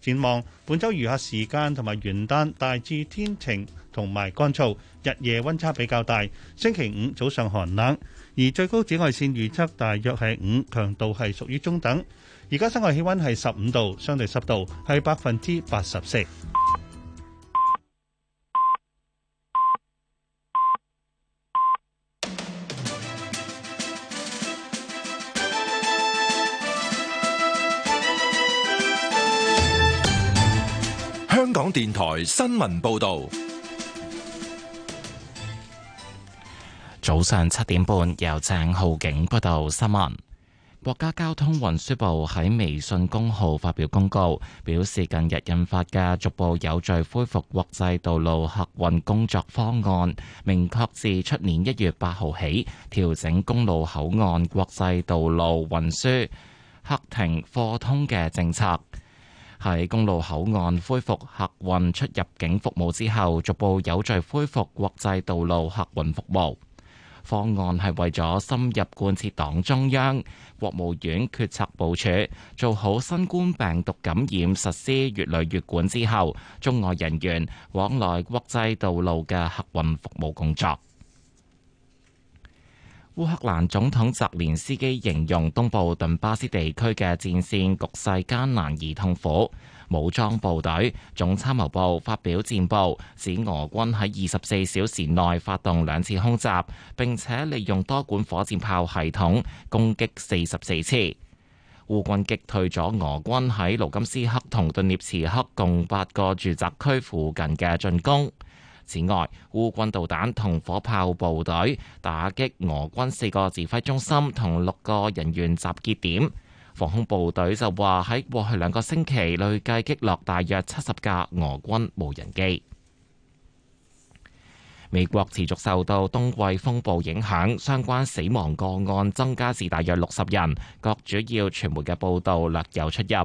展望本周餘下時間同埋元旦大致天晴同埋乾燥，日夜溫差比較大。星期五早上寒冷，而最高紫外綫預測大約係五，強度係屬於中等。而家室外氣溫係十五度，相對濕度係百分之八十四。香港電台新聞報道，早上七點半由鄭浩景報道新聞。國家交通運輸部喺微信公號發表公告，表示近日印發嘅逐步有序恢復國際道路客運工作方案，明確自出年一月八號起，調整公路口岸國際道路運輸客停貨通嘅政策。喺公路口岸恢復客運出入境服務之後，逐步有序恢復國際道路客運服務方案，係為咗深入貫徹黨中央、國務院決策部署，做好新冠病毒感染實施越來越管之後，中外人員往來國際道路嘅客運服務工作。烏克蘭總統澤連斯基形容東部頓巴斯地區嘅戰線局勢艱難而痛苦。武裝部隊總參謀部發表戰報，指俄軍喺二十四小時內發動兩次空襲，並且利用多管火箭炮系統攻擊四十四次。烏軍擊退咗俄軍喺盧甘斯克同頓涅茨克共八個住宅區附近嘅進攻。此外，烏軍導彈同火炮部隊打擊俄軍四個指揮中心同六個人員集結點。防空部隊就話喺過去兩個星期累計擊落大約七十架俄軍無人機。美國持續受到冬季風暴影響，相關死亡個案增加至大約六十人。各主要傳媒嘅報道略有出入。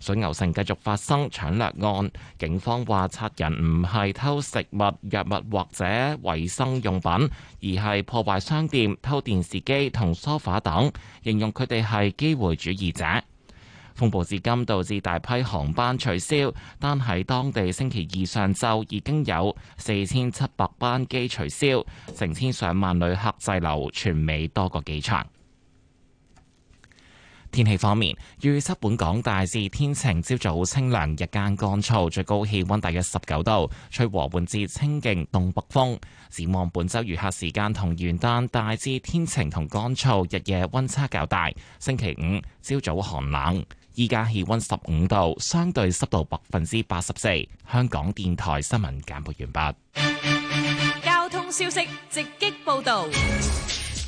水牛城繼續發生搶掠案，警方話賊人唔係偷食物、藥物或者衞生用品，而係破壞商店、偷電視機同梳化等，形容佢哋係機會主義者。風暴至今導致大批航班取消，單喺當地星期二上晝已經有四千七百班機取消，成千上萬旅客滯留全美多個機場。天氣方面，預測本港大致天晴，朝早清涼，日間乾燥，最高氣溫大約十九度，吹和緩至清勁東北風。展望本周餘下時間同元旦大致天晴同乾燥，日夜溫差較大。星期五朝早寒冷，依家氣溫十五度，相對濕度百分之八十四。香港電台新聞簡報完畢。交通消息直擊報道。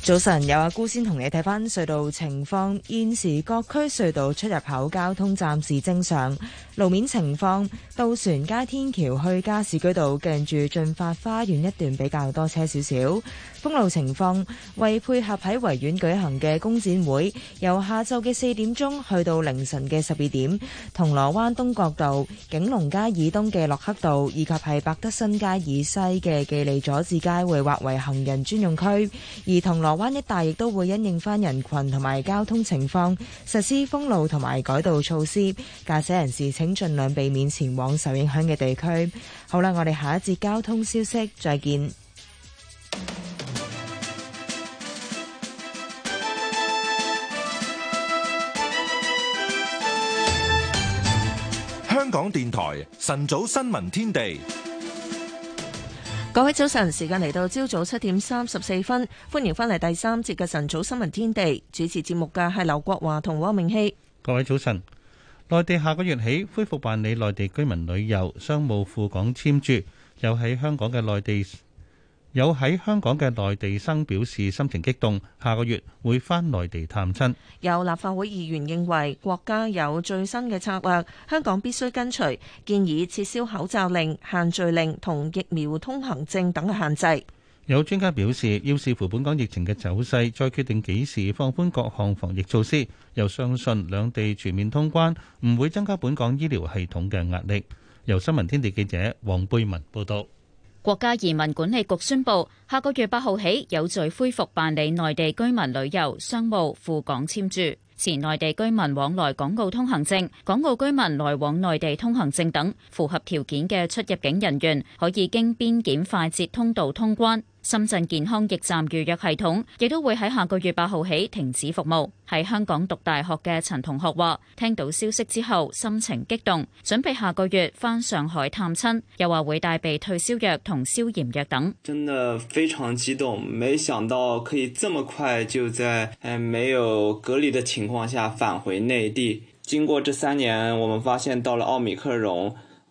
早晨，有阿姑先同你睇翻隧道情況。現時各區隧道出入口交通暫時正常。路面情況，渡船街天橋去加士居道近住駿發花園一段比較多車少少。封路情況，為配合喺維園舉行嘅工展會，由下晝嘅四點鐘去到凌晨嘅十二點，銅鑼灣東角道、景隆街以東嘅洛克道，以及係百德新街以西嘅記利佐治街，會劃為行人專用區。而銅鑼灣一帶亦都會因應翻人群同埋交通情況，實施封路同埋改道措施。駕駛人士請儘量避免前往受影響嘅地區。好啦，我哋下一節交通消息，再見。香港電台晨早新聞天地，各位早晨，時間嚟到朝早七點三十四分，歡迎翻嚟第三節嘅晨早新聞天地，主持節目嘅係劉國華同汪明熙，各位早晨。內地下個月起恢復辦理內地居民旅遊、商務赴港簽注，又喺香港嘅內地。有喺香港嘅內地生表示心情激動，下個月會返內地探親。有立法會議員認為國家有最新嘅策略，香港必須跟隨，建議撤銷口罩令、限聚令同疫苗通行證等嘅限制。有專家表示要視乎本港疫情嘅走勢，再決定幾時放寬各項防疫措施。又相信兩地全面通關唔會增加本港醫療系統嘅壓力。由新聞天地記者黃貝文報導。國家移民管理局宣布，下個月八號起有序恢復辦理內地居民旅遊、商務赴港簽注，持內地居民往來港澳通行證、港澳居民來往內地通行證等符合條件嘅出入境人員，可以經邊檢快捷通道通關。深圳健康驛站預約系統亦都會喺下個月八號起停止服務。喺香港讀大學嘅陳同學話：聽到消息之後心情激動，準備下個月返上海探親，又話會帶備退燒藥同消炎藥等。真的非常激動，沒想到可以這麼快就在誒沒有隔離的情況下返回內地。經過這三年，我們發現到了奧密克戎。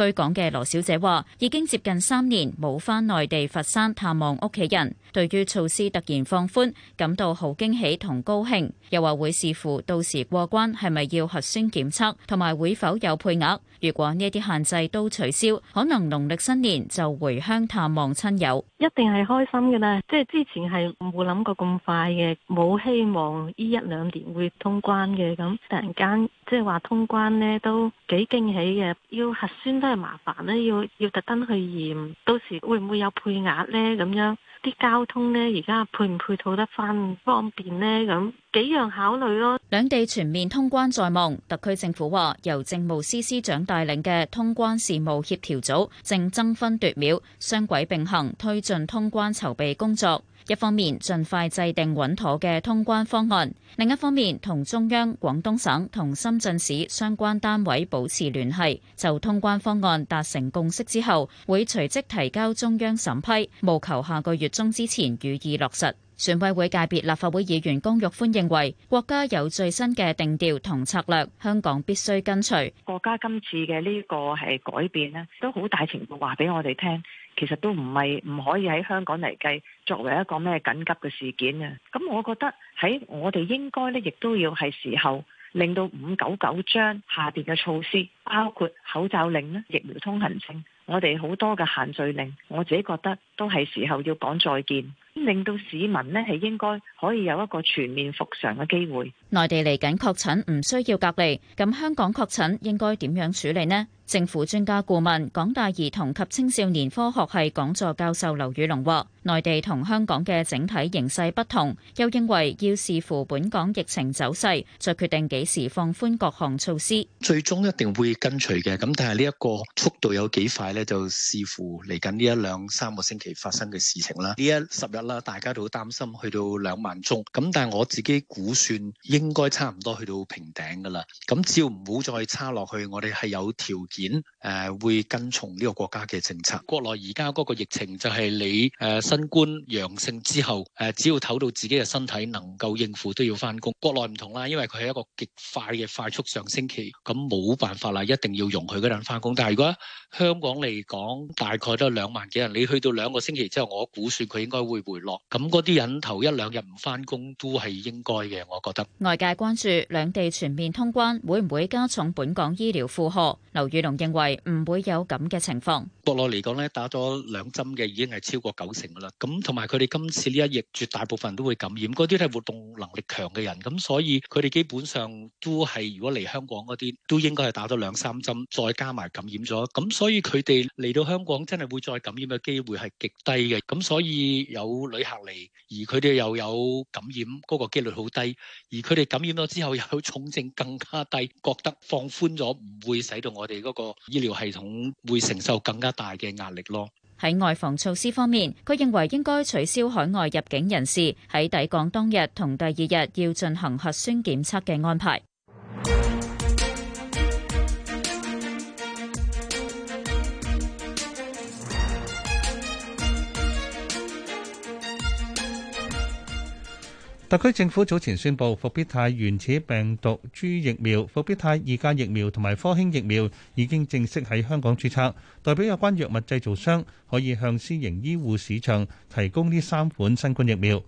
居港嘅羅小姐話，已經接近三年冇返內地佛山探望屋企人，對於措施突然放寬，感到好驚喜同高興。又話會視乎到時過關係咪要核酸檢測，同埋會否有配額。如果呢一啲限制都取消，可能農曆新年就回鄉探望親友，一定係開心嘅啦。即係之前係冇諗過咁快嘅，冇希望呢一兩年會通關嘅，咁突然間即係話通關咧，都幾驚喜嘅。要核酸都係麻煩咧，要要特登去驗，到時會唔會有配額咧咁樣？啲交通呢而家配唔配套得翻方便呢，咁幾樣考慮咯。兩地全面通關在望，特區政府話，由政務司司長帶領嘅通關事務協調組正爭分奪秒，雙軌並行推進通關籌備工作。一方面盡快制定穩妥嘅通關方案，另一方面同中央、廣東省同深圳市相關單位保持聯繫，就通關方案達成共識之後，會隨即提交中央審批，務求下個月中之前予以落實。選委會界別立法會議員江玉歡認為，國家有最新嘅定調同策略，香港必須跟隨。國家今次嘅呢個係改變咧，都好大程度話俾我哋聽。其實都唔係唔可以喺香港嚟計，作為一個咩緊急嘅事件啊。咁我覺得喺我哋應該咧，亦都要係時候令到五九九章下邊嘅措施，包括口罩令咧、疫苗通行證、我哋好多嘅限聚令，我自己覺得都係時候要講再見，令到市民呢係應該可以有一個全面復常嘅機會。內地嚟緊確診唔需要隔離，咁香港確診應該點樣處理呢？政府專家顧問、港大兒童及青少年科學系講座教授劉宇隆話，內地同香港嘅整體形勢不同，又認為要視乎本港疫情走勢，再決定幾時放寬各項措施。最終一定會跟隨嘅，咁但係呢一個速度有幾快呢？就視乎嚟緊呢一兩三個星期發生嘅事情啦。呢一十日啦，大家都好擔心去到兩萬宗，咁但係我自己估算應該差唔多去到平頂㗎啦。咁只要唔好再差落去，我哋係有條件誒會跟從呢個國家嘅政策。國內而家嗰個疫情就係你誒。新冠陽性之後，誒只要唞到自己嘅身體能夠應付，都要翻工。國內唔同啦，因為佢係一個極快嘅快速上升期，咁冇辦法啦，一定要容許嗰人翻工。但係如果香港嚟講，大概都係兩萬幾人，你去到兩個星期之後，我估算佢應該會回落。咁嗰啲人頭一兩日唔翻工都係應該嘅，我覺得。外界關注兩地全面通關會唔會加重本港醫療負荷？劉宇龍認為唔會有咁嘅情況。國內嚟講呢，打咗兩針嘅已經係超過九成。咁同埋佢哋今次呢一役絕大部分人都會感染，嗰啲都係活動能力強嘅人，咁所以佢哋基本上都係如果嚟香港嗰啲，都應該係打咗兩三針再加埋感染咗，咁所以佢哋嚟到香港真係會再感染嘅機會係極低嘅。咁所以有旅客嚟，而佢哋又有感染，嗰個機率好低，而佢哋感染咗之後又有重症更加低，覺得放寬咗，唔會使到我哋嗰個醫療系統會承受更加大嘅壓力咯。喺外防措施方面，佢認為應該取消海外入境人士喺抵港當日同第二日要進行核酸檢測嘅安排。特區政府早前宣布，復必泰原始病毒株疫苗、復必泰二價疫苗同埋科興疫苗已經正式喺香港註冊，代表有關藥物製造商可以向私營醫護市場提供呢三款新冠疫苗。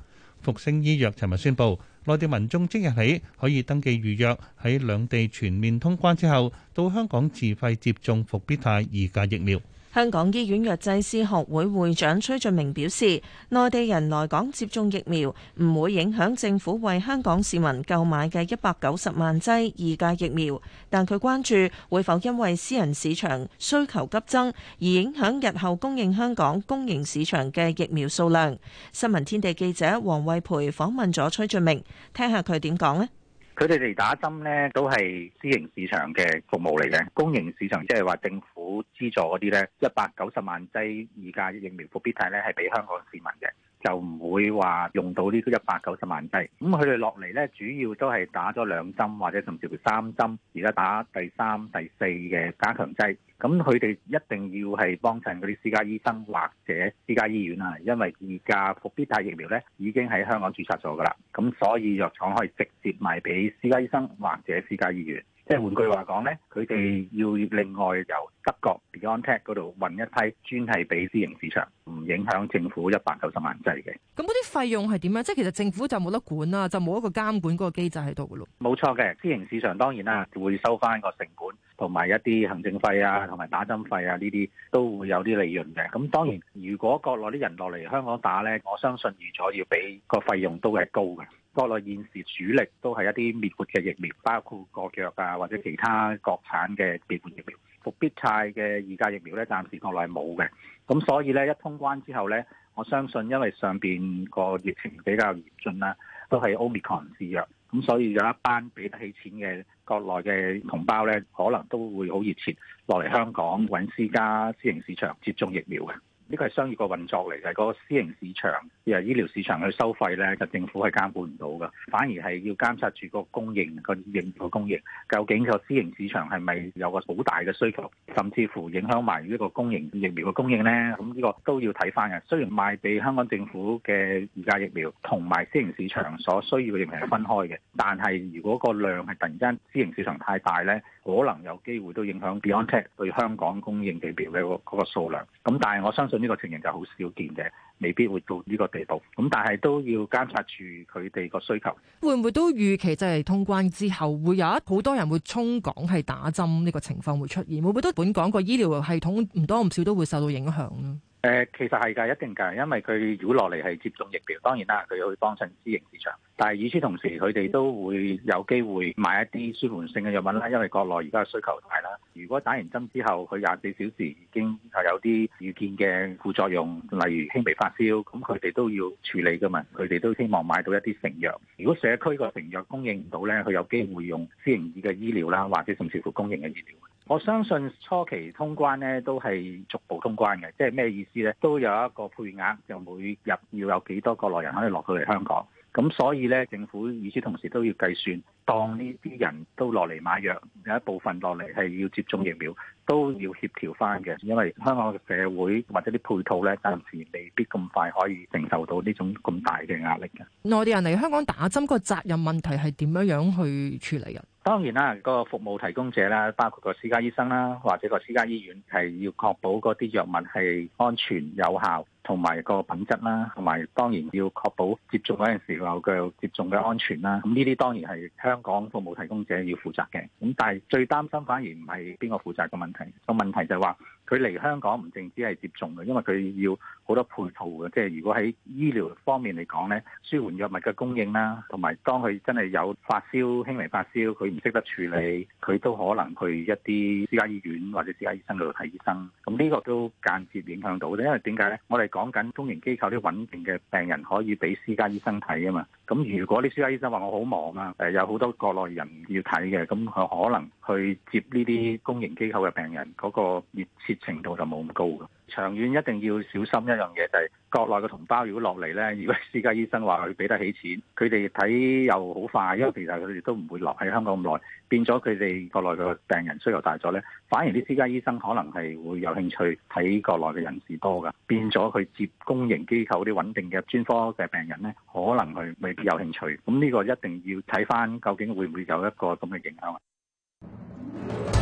復星醫藥尋日宣布，內地民眾即日起可以登記預約，喺兩地全面通關之後到香港自費接種復必泰二價疫苗。香港醫院藥劑師學會會長崔俊明表示，內地人來港接種疫苗唔會影響政府為香港市民購買嘅一百九十萬劑二價疫苗，但佢關注會否因為私人市場需求急增而影響日後供應香港公營市場嘅疫苗數量。新聞天地記者黃惠培訪問咗崔俊明，聽下佢點講呢。佢哋嚟打針咧，都係私營市場嘅服務嚟嘅。公營市場即係話政府資助嗰啲咧，一百九十萬劑二價疫苗復必泰咧，係俾香港市民嘅，就唔會話用到呢個一百九十萬劑。咁佢哋落嚟咧，主要都係打咗兩針，或者甚至乎三針，而家打第三、第四嘅加強劑。咁佢哋一定要係幫襯嗰啲私家醫生或者私家醫院啊，因為而家復必泰疫苗咧已經喺香港註冊咗噶啦，咁所以藥廠可以直接賣俾私家醫生或者私家醫院。即係換句話講咧，佢哋要另外由德國 BioNTech 嗰度運一批，專係俾私營市場，唔影響政府一百九十萬制嘅。咁嗰啲費用係點樣？即係其實政府就冇得管啦，就冇一個監管嗰個機制喺度咯。冇錯嘅，私營市場當然啦，會收翻個成本同埋一啲行政費啊，同埋打針費啊呢啲都會有啲利潤嘅。咁當然，如果國內啲人落嚟香港打咧，我相信預咗要俾個費用都係高嘅。國內現時主力都係一啲滅活嘅疫苗，包括國藥啊或者其他國產嘅滅活疫苗。復必泰嘅二價疫苗咧，暫時國內冇嘅，咁所以咧一通關之後咧，我相信因為上邊個疫情比較嚴峻啦，都係奧密克戎致弱，咁所以有一班俾得起錢嘅國內嘅同胞咧，可能都會好熱切落嚟香港揾私家私營市場接種疫苗嘅。呢個係商業個運作嚟嘅，個私營市場，誒醫療市場去收費咧，就政府係監管唔到嘅，反而係要監察住個供應、個疫苗個供應，究竟個私營市場係咪有個好大嘅需求，甚至乎影響埋呢個公營疫苗嘅供應咧？咁呢個都要睇翻嘅。雖然賣俾香港政府嘅而家疫苗同埋私營市場所需要嘅疫苗係分開嘅，但係如果個量係突然間私營市場太大咧，可能有機會都影響 Beyond Tech 對香港供應疫苗嘅嗰個數量。咁但係我相信。呢個情形就好少見嘅，未必會到呢個地步。咁但係都要監察住佢哋個需求。會唔會都預期就係通關之後會有一好多人會衝港係打針呢個情況會出現？會唔會都本港個醫療系統唔多唔少都會受到影響咧？誒、嗯，其實係噶，一定噶，因為佢如果落嚟係接種疫苗，當然啦，佢會幫襯私營市場。但係與此同時，佢哋都會有機會買一啲舒緩性嘅藥物啦。因為國內而家嘅需求大啦。如果打完針之後，佢廿四小時已經係有啲預見嘅副作用，例如輕微發燒，咁佢哋都要處理噶嘛。佢哋都希望買到一啲成藥。如果社區個成藥供應唔到呢，佢有機會用私營醫嘅醫療啦，或者甚至乎公營嘅醫療。我相信初期通關呢都係逐步通關嘅，即係咩意思？都有一個配額，就每日要有幾多個內人可以落去嚟香港。咁所以咧，政府與此同時都要計算，當呢啲人都落嚟買藥，有一部分落嚟係要接種疫苗，都要協調翻嘅。因為香港嘅社會或者啲配套咧，暫時未必咁快可以承受到呢種咁大嘅壓力嘅。內地人嚟香港打針個責任問題，係點樣樣去處理嘅？當然啦，個服務提供者啦，包括個私家醫生啦，或者個私家醫院，係要確保嗰啲藥物係安全有效。同埋個品質啦，同埋當然要確保接種嗰陣時候嘅接種嘅安全啦。咁呢啲當然係香港服務提供者要負責嘅。咁但係最擔心反而唔係邊個負責嘅問題，個問題就係話佢嚟香港唔淨止係接種嘅，因為佢要好多配套嘅。即係如果喺醫療方面嚟講呢，舒緩藥物嘅供應啦，同埋當佢真係有發燒、輕微發燒，佢唔識得處理，佢都可能去一啲私家醫院或者私家醫生度睇醫生。咁呢個都間接影響到嘅，因為點解呢？我哋講緊公營機構啲穩定嘅病人可以俾私家醫生睇啊嘛，咁如果啲私家醫生話我好忙啊，誒有好多國內人要睇嘅，咁佢可能去接呢啲公營機構嘅病人，嗰個熱切程度就冇咁高。長遠一定要小心一樣嘢，就係國內嘅同胞如果落嚟呢，如果私家醫生話佢俾得起錢，佢哋睇又好快，因為其實佢哋都唔會落喺香港咁耐，變咗佢哋國內嘅病人需求大咗呢。反而啲私家醫生可能係會有興趣睇國內嘅人士多㗎，變咗佢接公營機構啲穩定嘅專科嘅病人呢，可能佢未必有興趣。咁呢個一定要睇返究竟會唔會有一個咁嘅影響。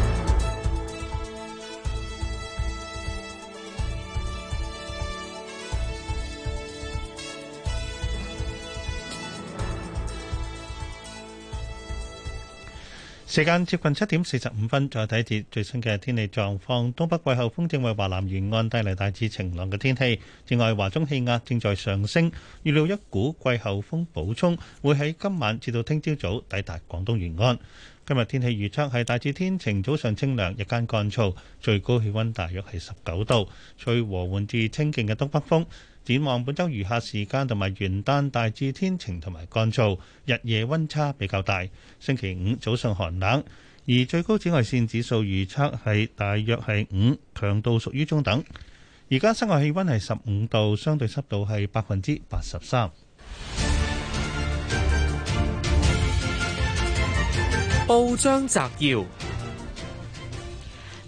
時間接近七點四十五分，再睇一節最新嘅天氣狀況。東北季候風正為華南沿岸帶嚟大致晴朗嘅天氣。另外，華中氣壓正在上升，預料一股季候風補充會喺今晚至到聽朝早抵達廣東沿岸。今日天氣預測係大致天晴，早上清涼，日間乾燥，最高氣溫大約係十九度，吹和緩至清勁嘅東北風。展望本周餘下時間同埋元旦大致天晴同埋乾燥，日夜溫差比較大。星期五早上寒冷，而最高紫外線指數預測係大約係五，強度屬於中等。而家室外氣溫係十五度，相對濕度係百分之八十三。報章摘要。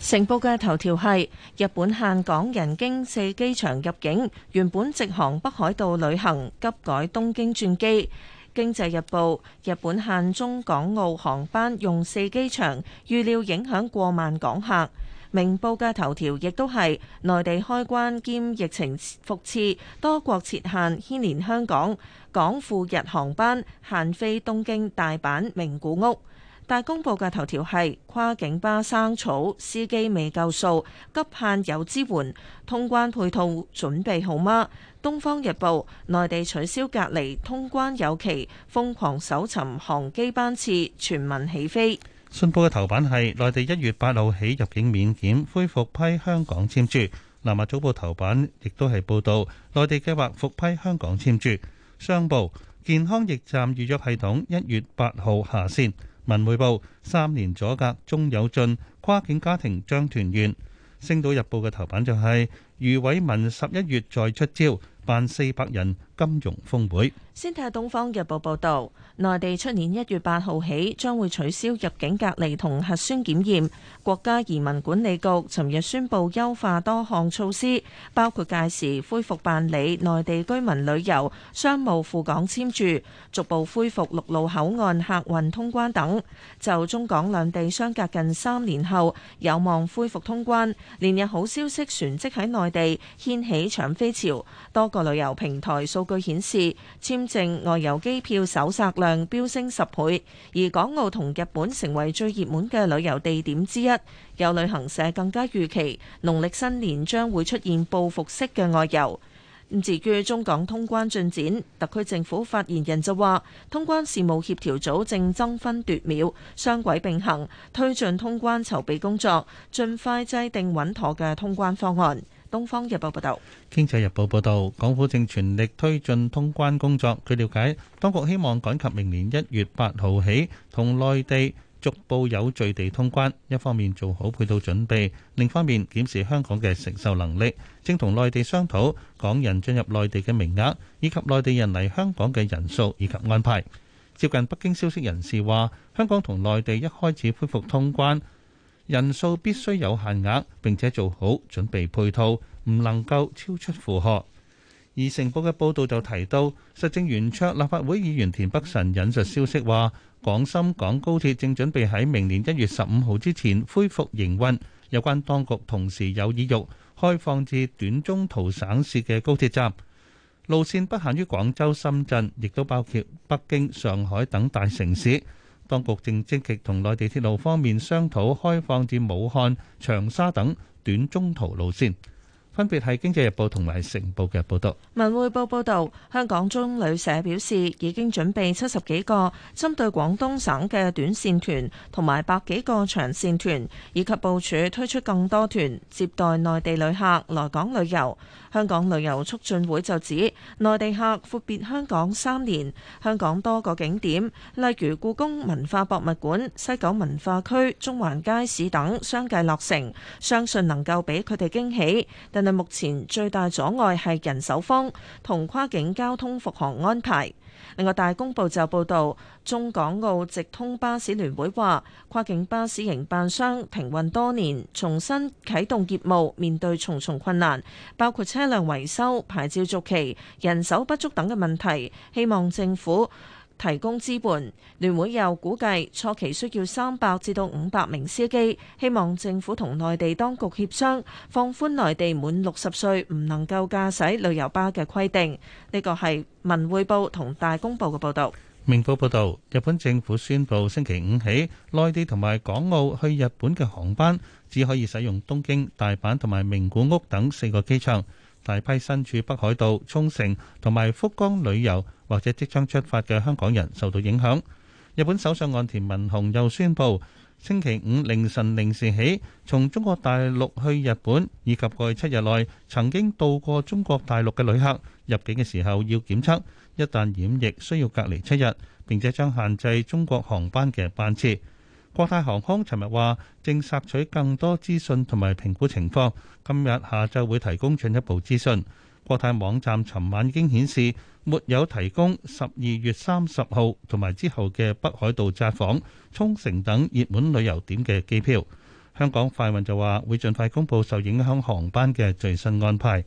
成報嘅頭條係日本限港人經四機場入境，原本直航北海道旅行急改東京轉機。經濟日報：日本限中港澳航班用四機場，預料影響過萬港客。明報嘅頭條亦都係內地開關兼疫情復熾，多國設限牽連香港，港赴日航班限飛東京、大阪、名古屋。大公報嘅頭條係跨境巴生草，司機未夠數，急盼有支援，通關配套準備好嗎？《東方日報》內地取消隔離，通關有期，瘋狂搜尋航機班次，全民起飛。信報嘅頭版係內地一月八號起入境免檢，恢復批香港簽注。南亞早報頭版亦都係報導內地計劃復批香港簽注。商報健康驛站預約系統一月八號下線。文匯報：三年阻隔終有盡，跨境家庭將團圓。星島日報嘅頭版就係余偉文十一月再出招，辦四百人，金融峰會先睇下《東方日報》報道，內地出年一月八號起將會取消入境隔離同核酸檢驗。國家移民管理局尋日宣布優化多項措施，包括屆時恢復辦理內地居民旅遊商務赴港簽注，逐步恢復陸路口岸客運通關等。就中港兩地相隔近三年後有望恢復通關，連日好消息旋即喺內地掀起搶飛潮，多個旅遊平台數據。據顯示，簽證、外遊機票搜索量飆升十倍，而港澳同日本成為最熱門嘅旅遊地點之一。有旅行社更加預期，農曆新年將會出現報復式嘅外遊。至於中港通關進展，特區政府發言人就話，通關事務協調組正爭分奪秒、雙軌並行，推進通關籌備工作，盡快制定穩妥嘅通關方案。《東方日報》報道，《經濟日報》報道，港府正全力推進通關工作。據了解，當局希望趕及明年一月八號起同內地逐步有序地通關，一方面做好配套準備，另一方面檢視香港嘅承受能力，正同內地商討港人進入內地嘅名額以及內地人嚟香港嘅人數以及安排。接近北京消息人士話，香港同內地一開始恢復通關。人數必須有限額，並且做好準備配套，唔能夠超出負荷。而成報嘅報道就提到，實政圓桌立法會議員田北辰引述消息話，廣深港高鐵正準備喺明年一月十五號之前恢復營運，有關當局同時有意欲開放至短中途省市嘅高鐵站，路線不限於廣州、深圳，亦都包括北京、上海等大城市。當局正積極同內地鐵路方面商討開放至武漢、長沙等短中途路線。分別係《經濟日報》同埋《成報》嘅報道。文匯報報導，香港中旅社表示已經準備七十幾個針對廣東省嘅短線團，同埋百幾個長線團，以及部署推出更多團接待內地旅客來港旅遊。香港旅遊促進會就指，內地客闊別香港三年，香港多個景點，例如故宮文化博物館、西九文化區、中環街市等相繼落成，相信能夠俾佢哋驚喜。佢目前最大阻礙係人手荒同跨境交通復航安排。另外大公報就報道，中港澳直通巴士聯會話，跨境巴士營辦商停運多年，重新啟動業務，面對重重困難，包括車輛維修、牌照續期、人手不足等嘅問題，希望政府。提供資本，聯會又估計初期需要三百至到五百名司機，希望政府同內地當局協商放寬內地滿六十歲唔能夠駕駛旅遊巴嘅規定。呢個係文匯報同大公報嘅報導。明報報道，日本政府宣布星期五起，內地同埋港澳去日本嘅航班只可以使用東京、大阪同埋名古屋等四個機場。大批身處北海道、沖繩同埋福岡旅遊或者即將出發嘅香港人受到影響。日本首相岸田文雄又宣布，星期五凌晨零時起，從中國大陸去日本以及過去七日內曾經到過中國大陸嘅旅客入境嘅時候要檢測，一旦染疫需要隔離七日，並且將限制中國航班嘅班次。國泰航空尋日話正索取更多資訊同埋評估情況，今日下晝會提供進一步資訊。國泰網站尋晚已經顯示沒有提供十二月三十號同埋之後嘅北海道札幌、沖繩等熱門旅遊點嘅機票。香港快運就話會盡快公佈受影響航班嘅最新安排。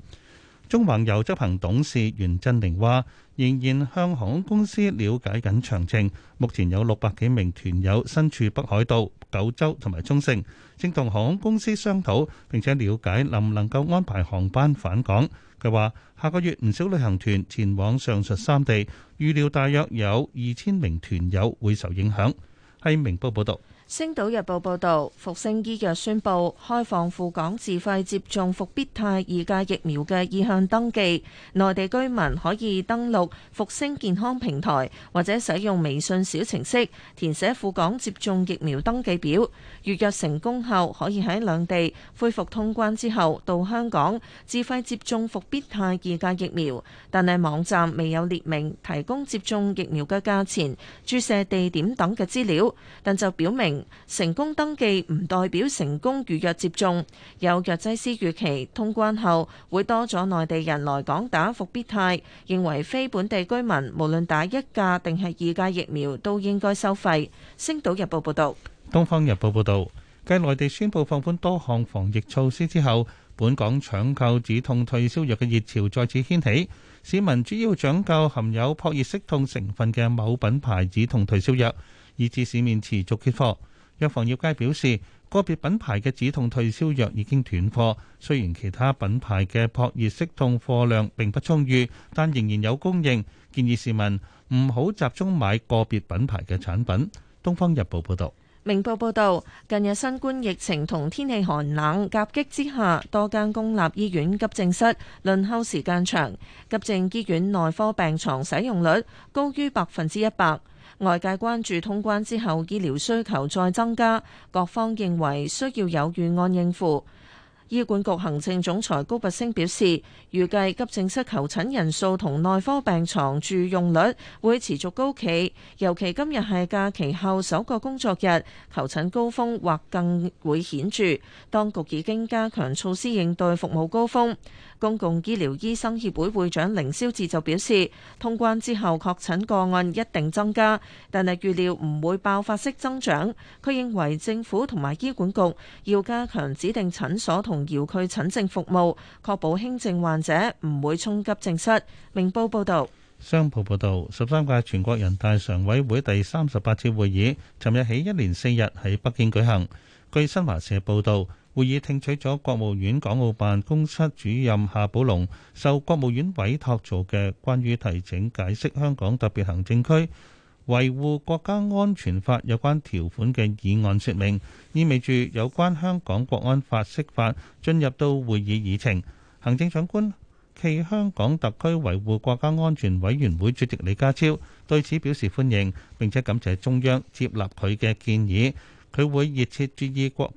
縱橫遊執行董事袁振寧話，仍然向航空公司了解緊詳情。目前有六百幾名團友身處北海道、九州同埋沖繩，正同航空公司商討，並且了解能唔能夠安排航班返港。佢話下個月唔少旅行團前往上述三地，預料大約有二千名團友會受影響。係明報報道。《星島日報》報道，復星醫藥宣布開放赴港自費接種復必泰二價疫苗嘅意向登記，內地居民可以登錄復星健康平台或者使用微信小程式，填寫赴港接種疫苗登記表。預約成功後，可以喺兩地恢復通關之後到香港自費接種復必泰二價疫苗。但係網站未有列明提供接種疫苗嘅價錢、注射地點等嘅資料，但就表明。成功登記唔代表成功預約接種。有藥劑師預期，通關後會多咗內地人來港打復必泰，認為非本地居民無論打一價定係二價疫苗都應該收費。星島日報報道，東方日報報道，繼內地宣布放寬多項防疫措施之後，本港搶購止痛退燒藥嘅熱潮再次掀起，市民主要搶購含有撲熱息痛成分嘅某品牌止痛退燒藥。以至市面持續缺貨。藥房業界表示，個別品牌嘅止痛退燒藥已經斷貨。雖然其他品牌嘅撲熱息痛貨量並不充裕，但仍然有供應。建議市民唔好集中買個別品牌嘅產品。《東方日報》報道，明報報道，近日新冠疫情同天氣寒冷夾擊之下，多間公立醫院急症室輪候時間長，急症醫院內科病床使用率高於百分之一百。外界關注通關之後醫療需求再增加，各方認為需要有預案應付。醫管局行政總裁高拔昇表示，預計急症室求診人數同內科病床住用率會持續高企，尤其今日係假期後首個工作日，求診高峰或更會顯著。當局已經加強措施應對服務高峰。公共醫療醫生協會會長凌霄智就表示，通關之後確診個案一定增加，但係預料唔會爆發式增長。佢認為政府同埋醫管局要加強指定診所同遙距診症服務，確保輕症患者唔會衝急症室。明報報道。商報報道，十三屆全國人大常委會第三十八次會議，尋日起一連四日喺北京舉行。據新華社報道。會議聽取咗國務院港澳辦公室主任夏寶龍受國務院委託做嘅關於提請解釋香港特別行政區維護國家安全法有關條款嘅議案說明，意味住有關香港國安法釋法進入到會議議程。行政長官暨香港特區維護國家安全委員會主席李家超對此表示歡迎，並且感謝中央接納佢嘅建議，佢會熱切注意國。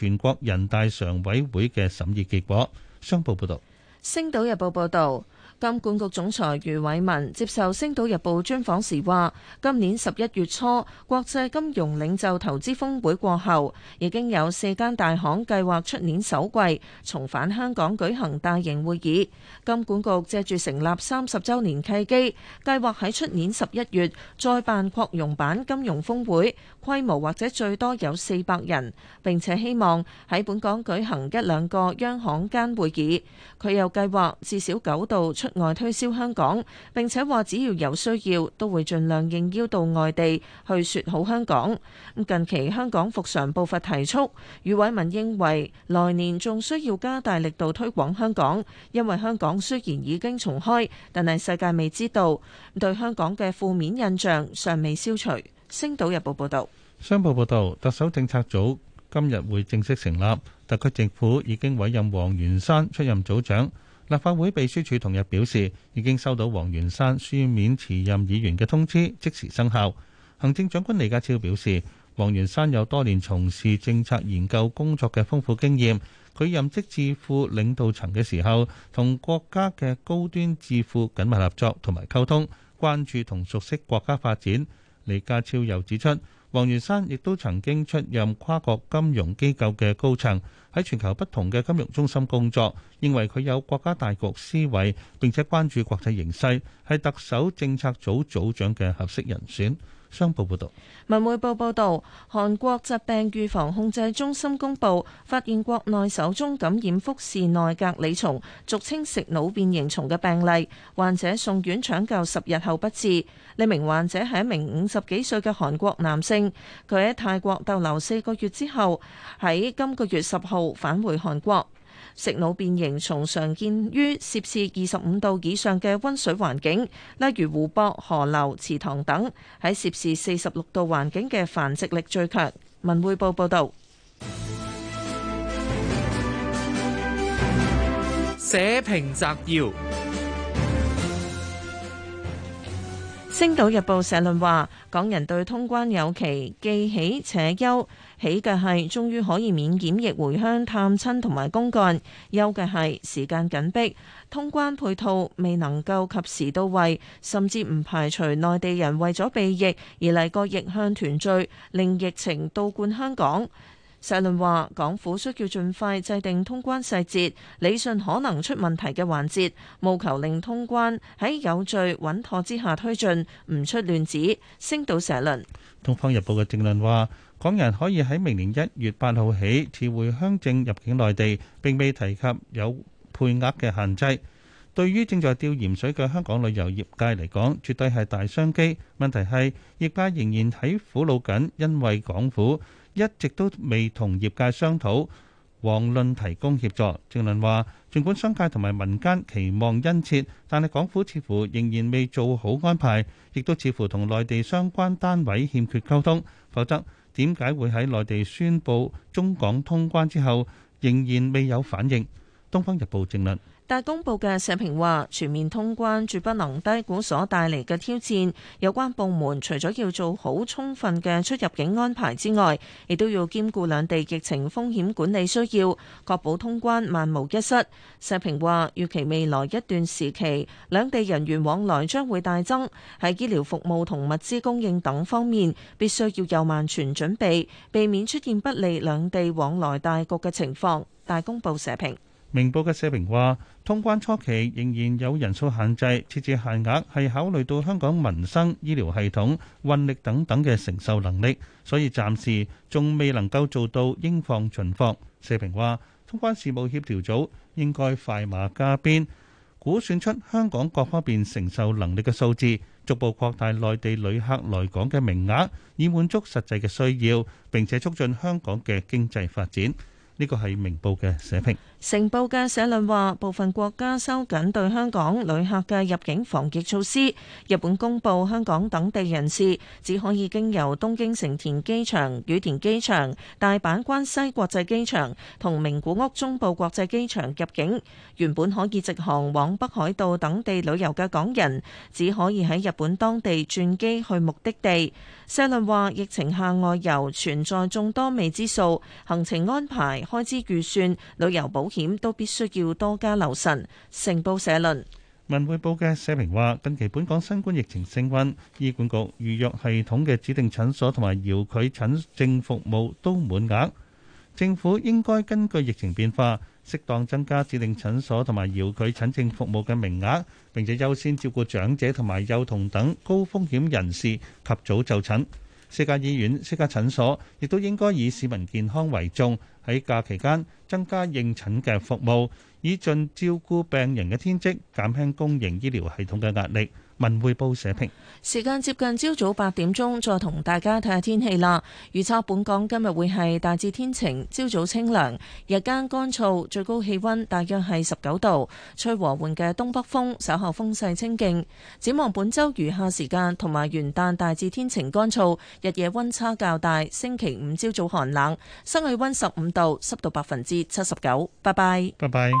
全國人大常委會嘅審議結果。商報報道。《星島日報》報道。金管局總裁余偉文接受《星島日報》專訪時話，今年十一月初國際金融領袖投資峰會過後已經有四間大行計劃出年首季重返香港舉行大型會議，金管局借住成立三十週年契機計劃喺出年十一月再辦擴容版金融峰會規模或者最多有四百人。並且希望喺本港舉行一兩個央行間會議，佢又計劃至少九度出。外推銷香港，並且話只要有需要都會盡量應邀到外地去說好香港。咁近期香港復常步伐提速，余偉文認為來年仲需要加大力度推廣香港，因為香港雖然已經重開，但係世界未知道對香港嘅負面印象尚未消除。星島日報報道，商報報道，特首政策組今日會正式成立，特區政府已經委任黃元山出任組長。立法會秘書處同日表示，已經收到黃元山書面辭任議員嘅通知，即時生效。行政長官李家超表示，黃元山有多年從事政策研究工作嘅豐富經驗，佢任職智庫領導層嘅時候，同國家嘅高端智庫緊密合作同埋溝通，關注同熟悉國家發展。李家超又指出：黃元山亦都曾經出任跨國金融機構嘅高層，喺全球不同嘅金融中心工作，認為佢有國家大局思維，並且關注國際形勢，係特首政策組組長嘅合適人選。商報報導，文匯報報道，韓國疾病預防控制中心公佈發現國內首宗感染福氏內格里蟲，俗稱食腦變形蟲嘅病例。患者送院搶救十日後不治。呢名患者係一名五十幾歲嘅韓國男性，佢喺泰國逗留四個月之後，喺今個月十號返回韓國。食腦變形從常見於攝氏二十五度以上嘅溫水環境，例如湖泊、河流、池塘等，喺攝氏四十六度環境嘅繁殖力最強。文匯報報道：社評摘要。星島日報社論話：港人對通關有期，既喜且憂。喜嘅係，終於可以免檢疫回鄉探親同埋公幹，憂嘅係時間緊迫，通關配套未能夠及時到位，甚至唔排除內地人為咗避疫而嚟個疫向團聚，令疫情倒灌香港。社論話，港府需要盡快制定通關細節，理順可能出問題嘅環節，務求令通關喺有序穩妥之下推進，唔出亂子，升到社論。《東方日報》嘅政論話。港人可以喺明年一月八號起持回鄉證入境內地，並未提及有配額嘅限制。對於正在吊鹽水嘅香港旅遊業界嚟講絕對係大商機，問題係業界仍然喺苦惱緊，因為港府一直都未同業界商討，遑論提供協助。鄭論話，盡管商界同埋民間期望殷切，但係港府似乎仍然未做好安排，亦都似乎同內地相關單位欠缺溝通，否則。點解會喺內地宣布中港通關之後，仍然未有反應？《東方日報》正論。大公報嘅社評話：全面通關絕不能低估所帶嚟嘅挑戰，有關部門除咗要做好充分嘅出入境安排之外，亦都要兼顧兩地疫情風險管理需要，確保通關萬無一失。社評話：預期未來一段時期，兩地人員往來將會大增，喺醫療服務同物資供應等方面，必須要有萬全準備，避免出現不利兩地往來大局嘅情況。大公報社評。明報嘅社評話，通關初期仍然有人數限制，設置限額係考慮到香港民生、醫療系統、運力等等嘅承受能力，所以暫時仲未能夠做到應放盡放。社評話，通關事務協調組應該快馬加鞭，估算出香港各方面承受能力嘅數字，逐步擴大內地旅客來港嘅名額，以滿足實際嘅需要，並且促進香港嘅經濟發展。呢個係明報嘅社評。成報嘅社論話，部分國家收緊對香港旅客嘅入境防疫措施。日本公布，香港等地人士只可以經由東京成田機場、羽田機場、大阪關西國際機場同名古屋中部國際機場入境。原本可以直航往北海道等地旅遊嘅港人，只可以喺日本當地轉機去目的地。社論話，疫情下外遊存在眾多未知數，行程安排、開支預算、旅遊保險都必須要多加留神，成報社論。文匯報嘅社評話：近期本港新冠疫情升溫，醫管局預約系統嘅指定診所同埋遙距診症服務都滿額。政府應該根據疫情變化，適當增加指定診所同埋遙距診症服務嘅名額，並且優先照顧長者同埋幼童等高風險人士及早就診。私家醫院、私家診所亦都應該以市民健康為重，喺假期間增加應診嘅服務，以盡照顧病人嘅天職，減輕公營醫療系統嘅壓力。文匯報社評。時間接近朝早八點鐘，再同大家睇下天氣啦。預測本港今日會係大致天晴，朝早清涼，日間乾燥，最高氣温大約係十九度，吹和緩嘅東北風，稍後風勢清勁。展望本周餘下時間同埋元旦大致天晴乾燥，日夜温差較大。星期五朝早寒冷，室外溫十五度，濕度百分之七十九。拜拜，拜拜。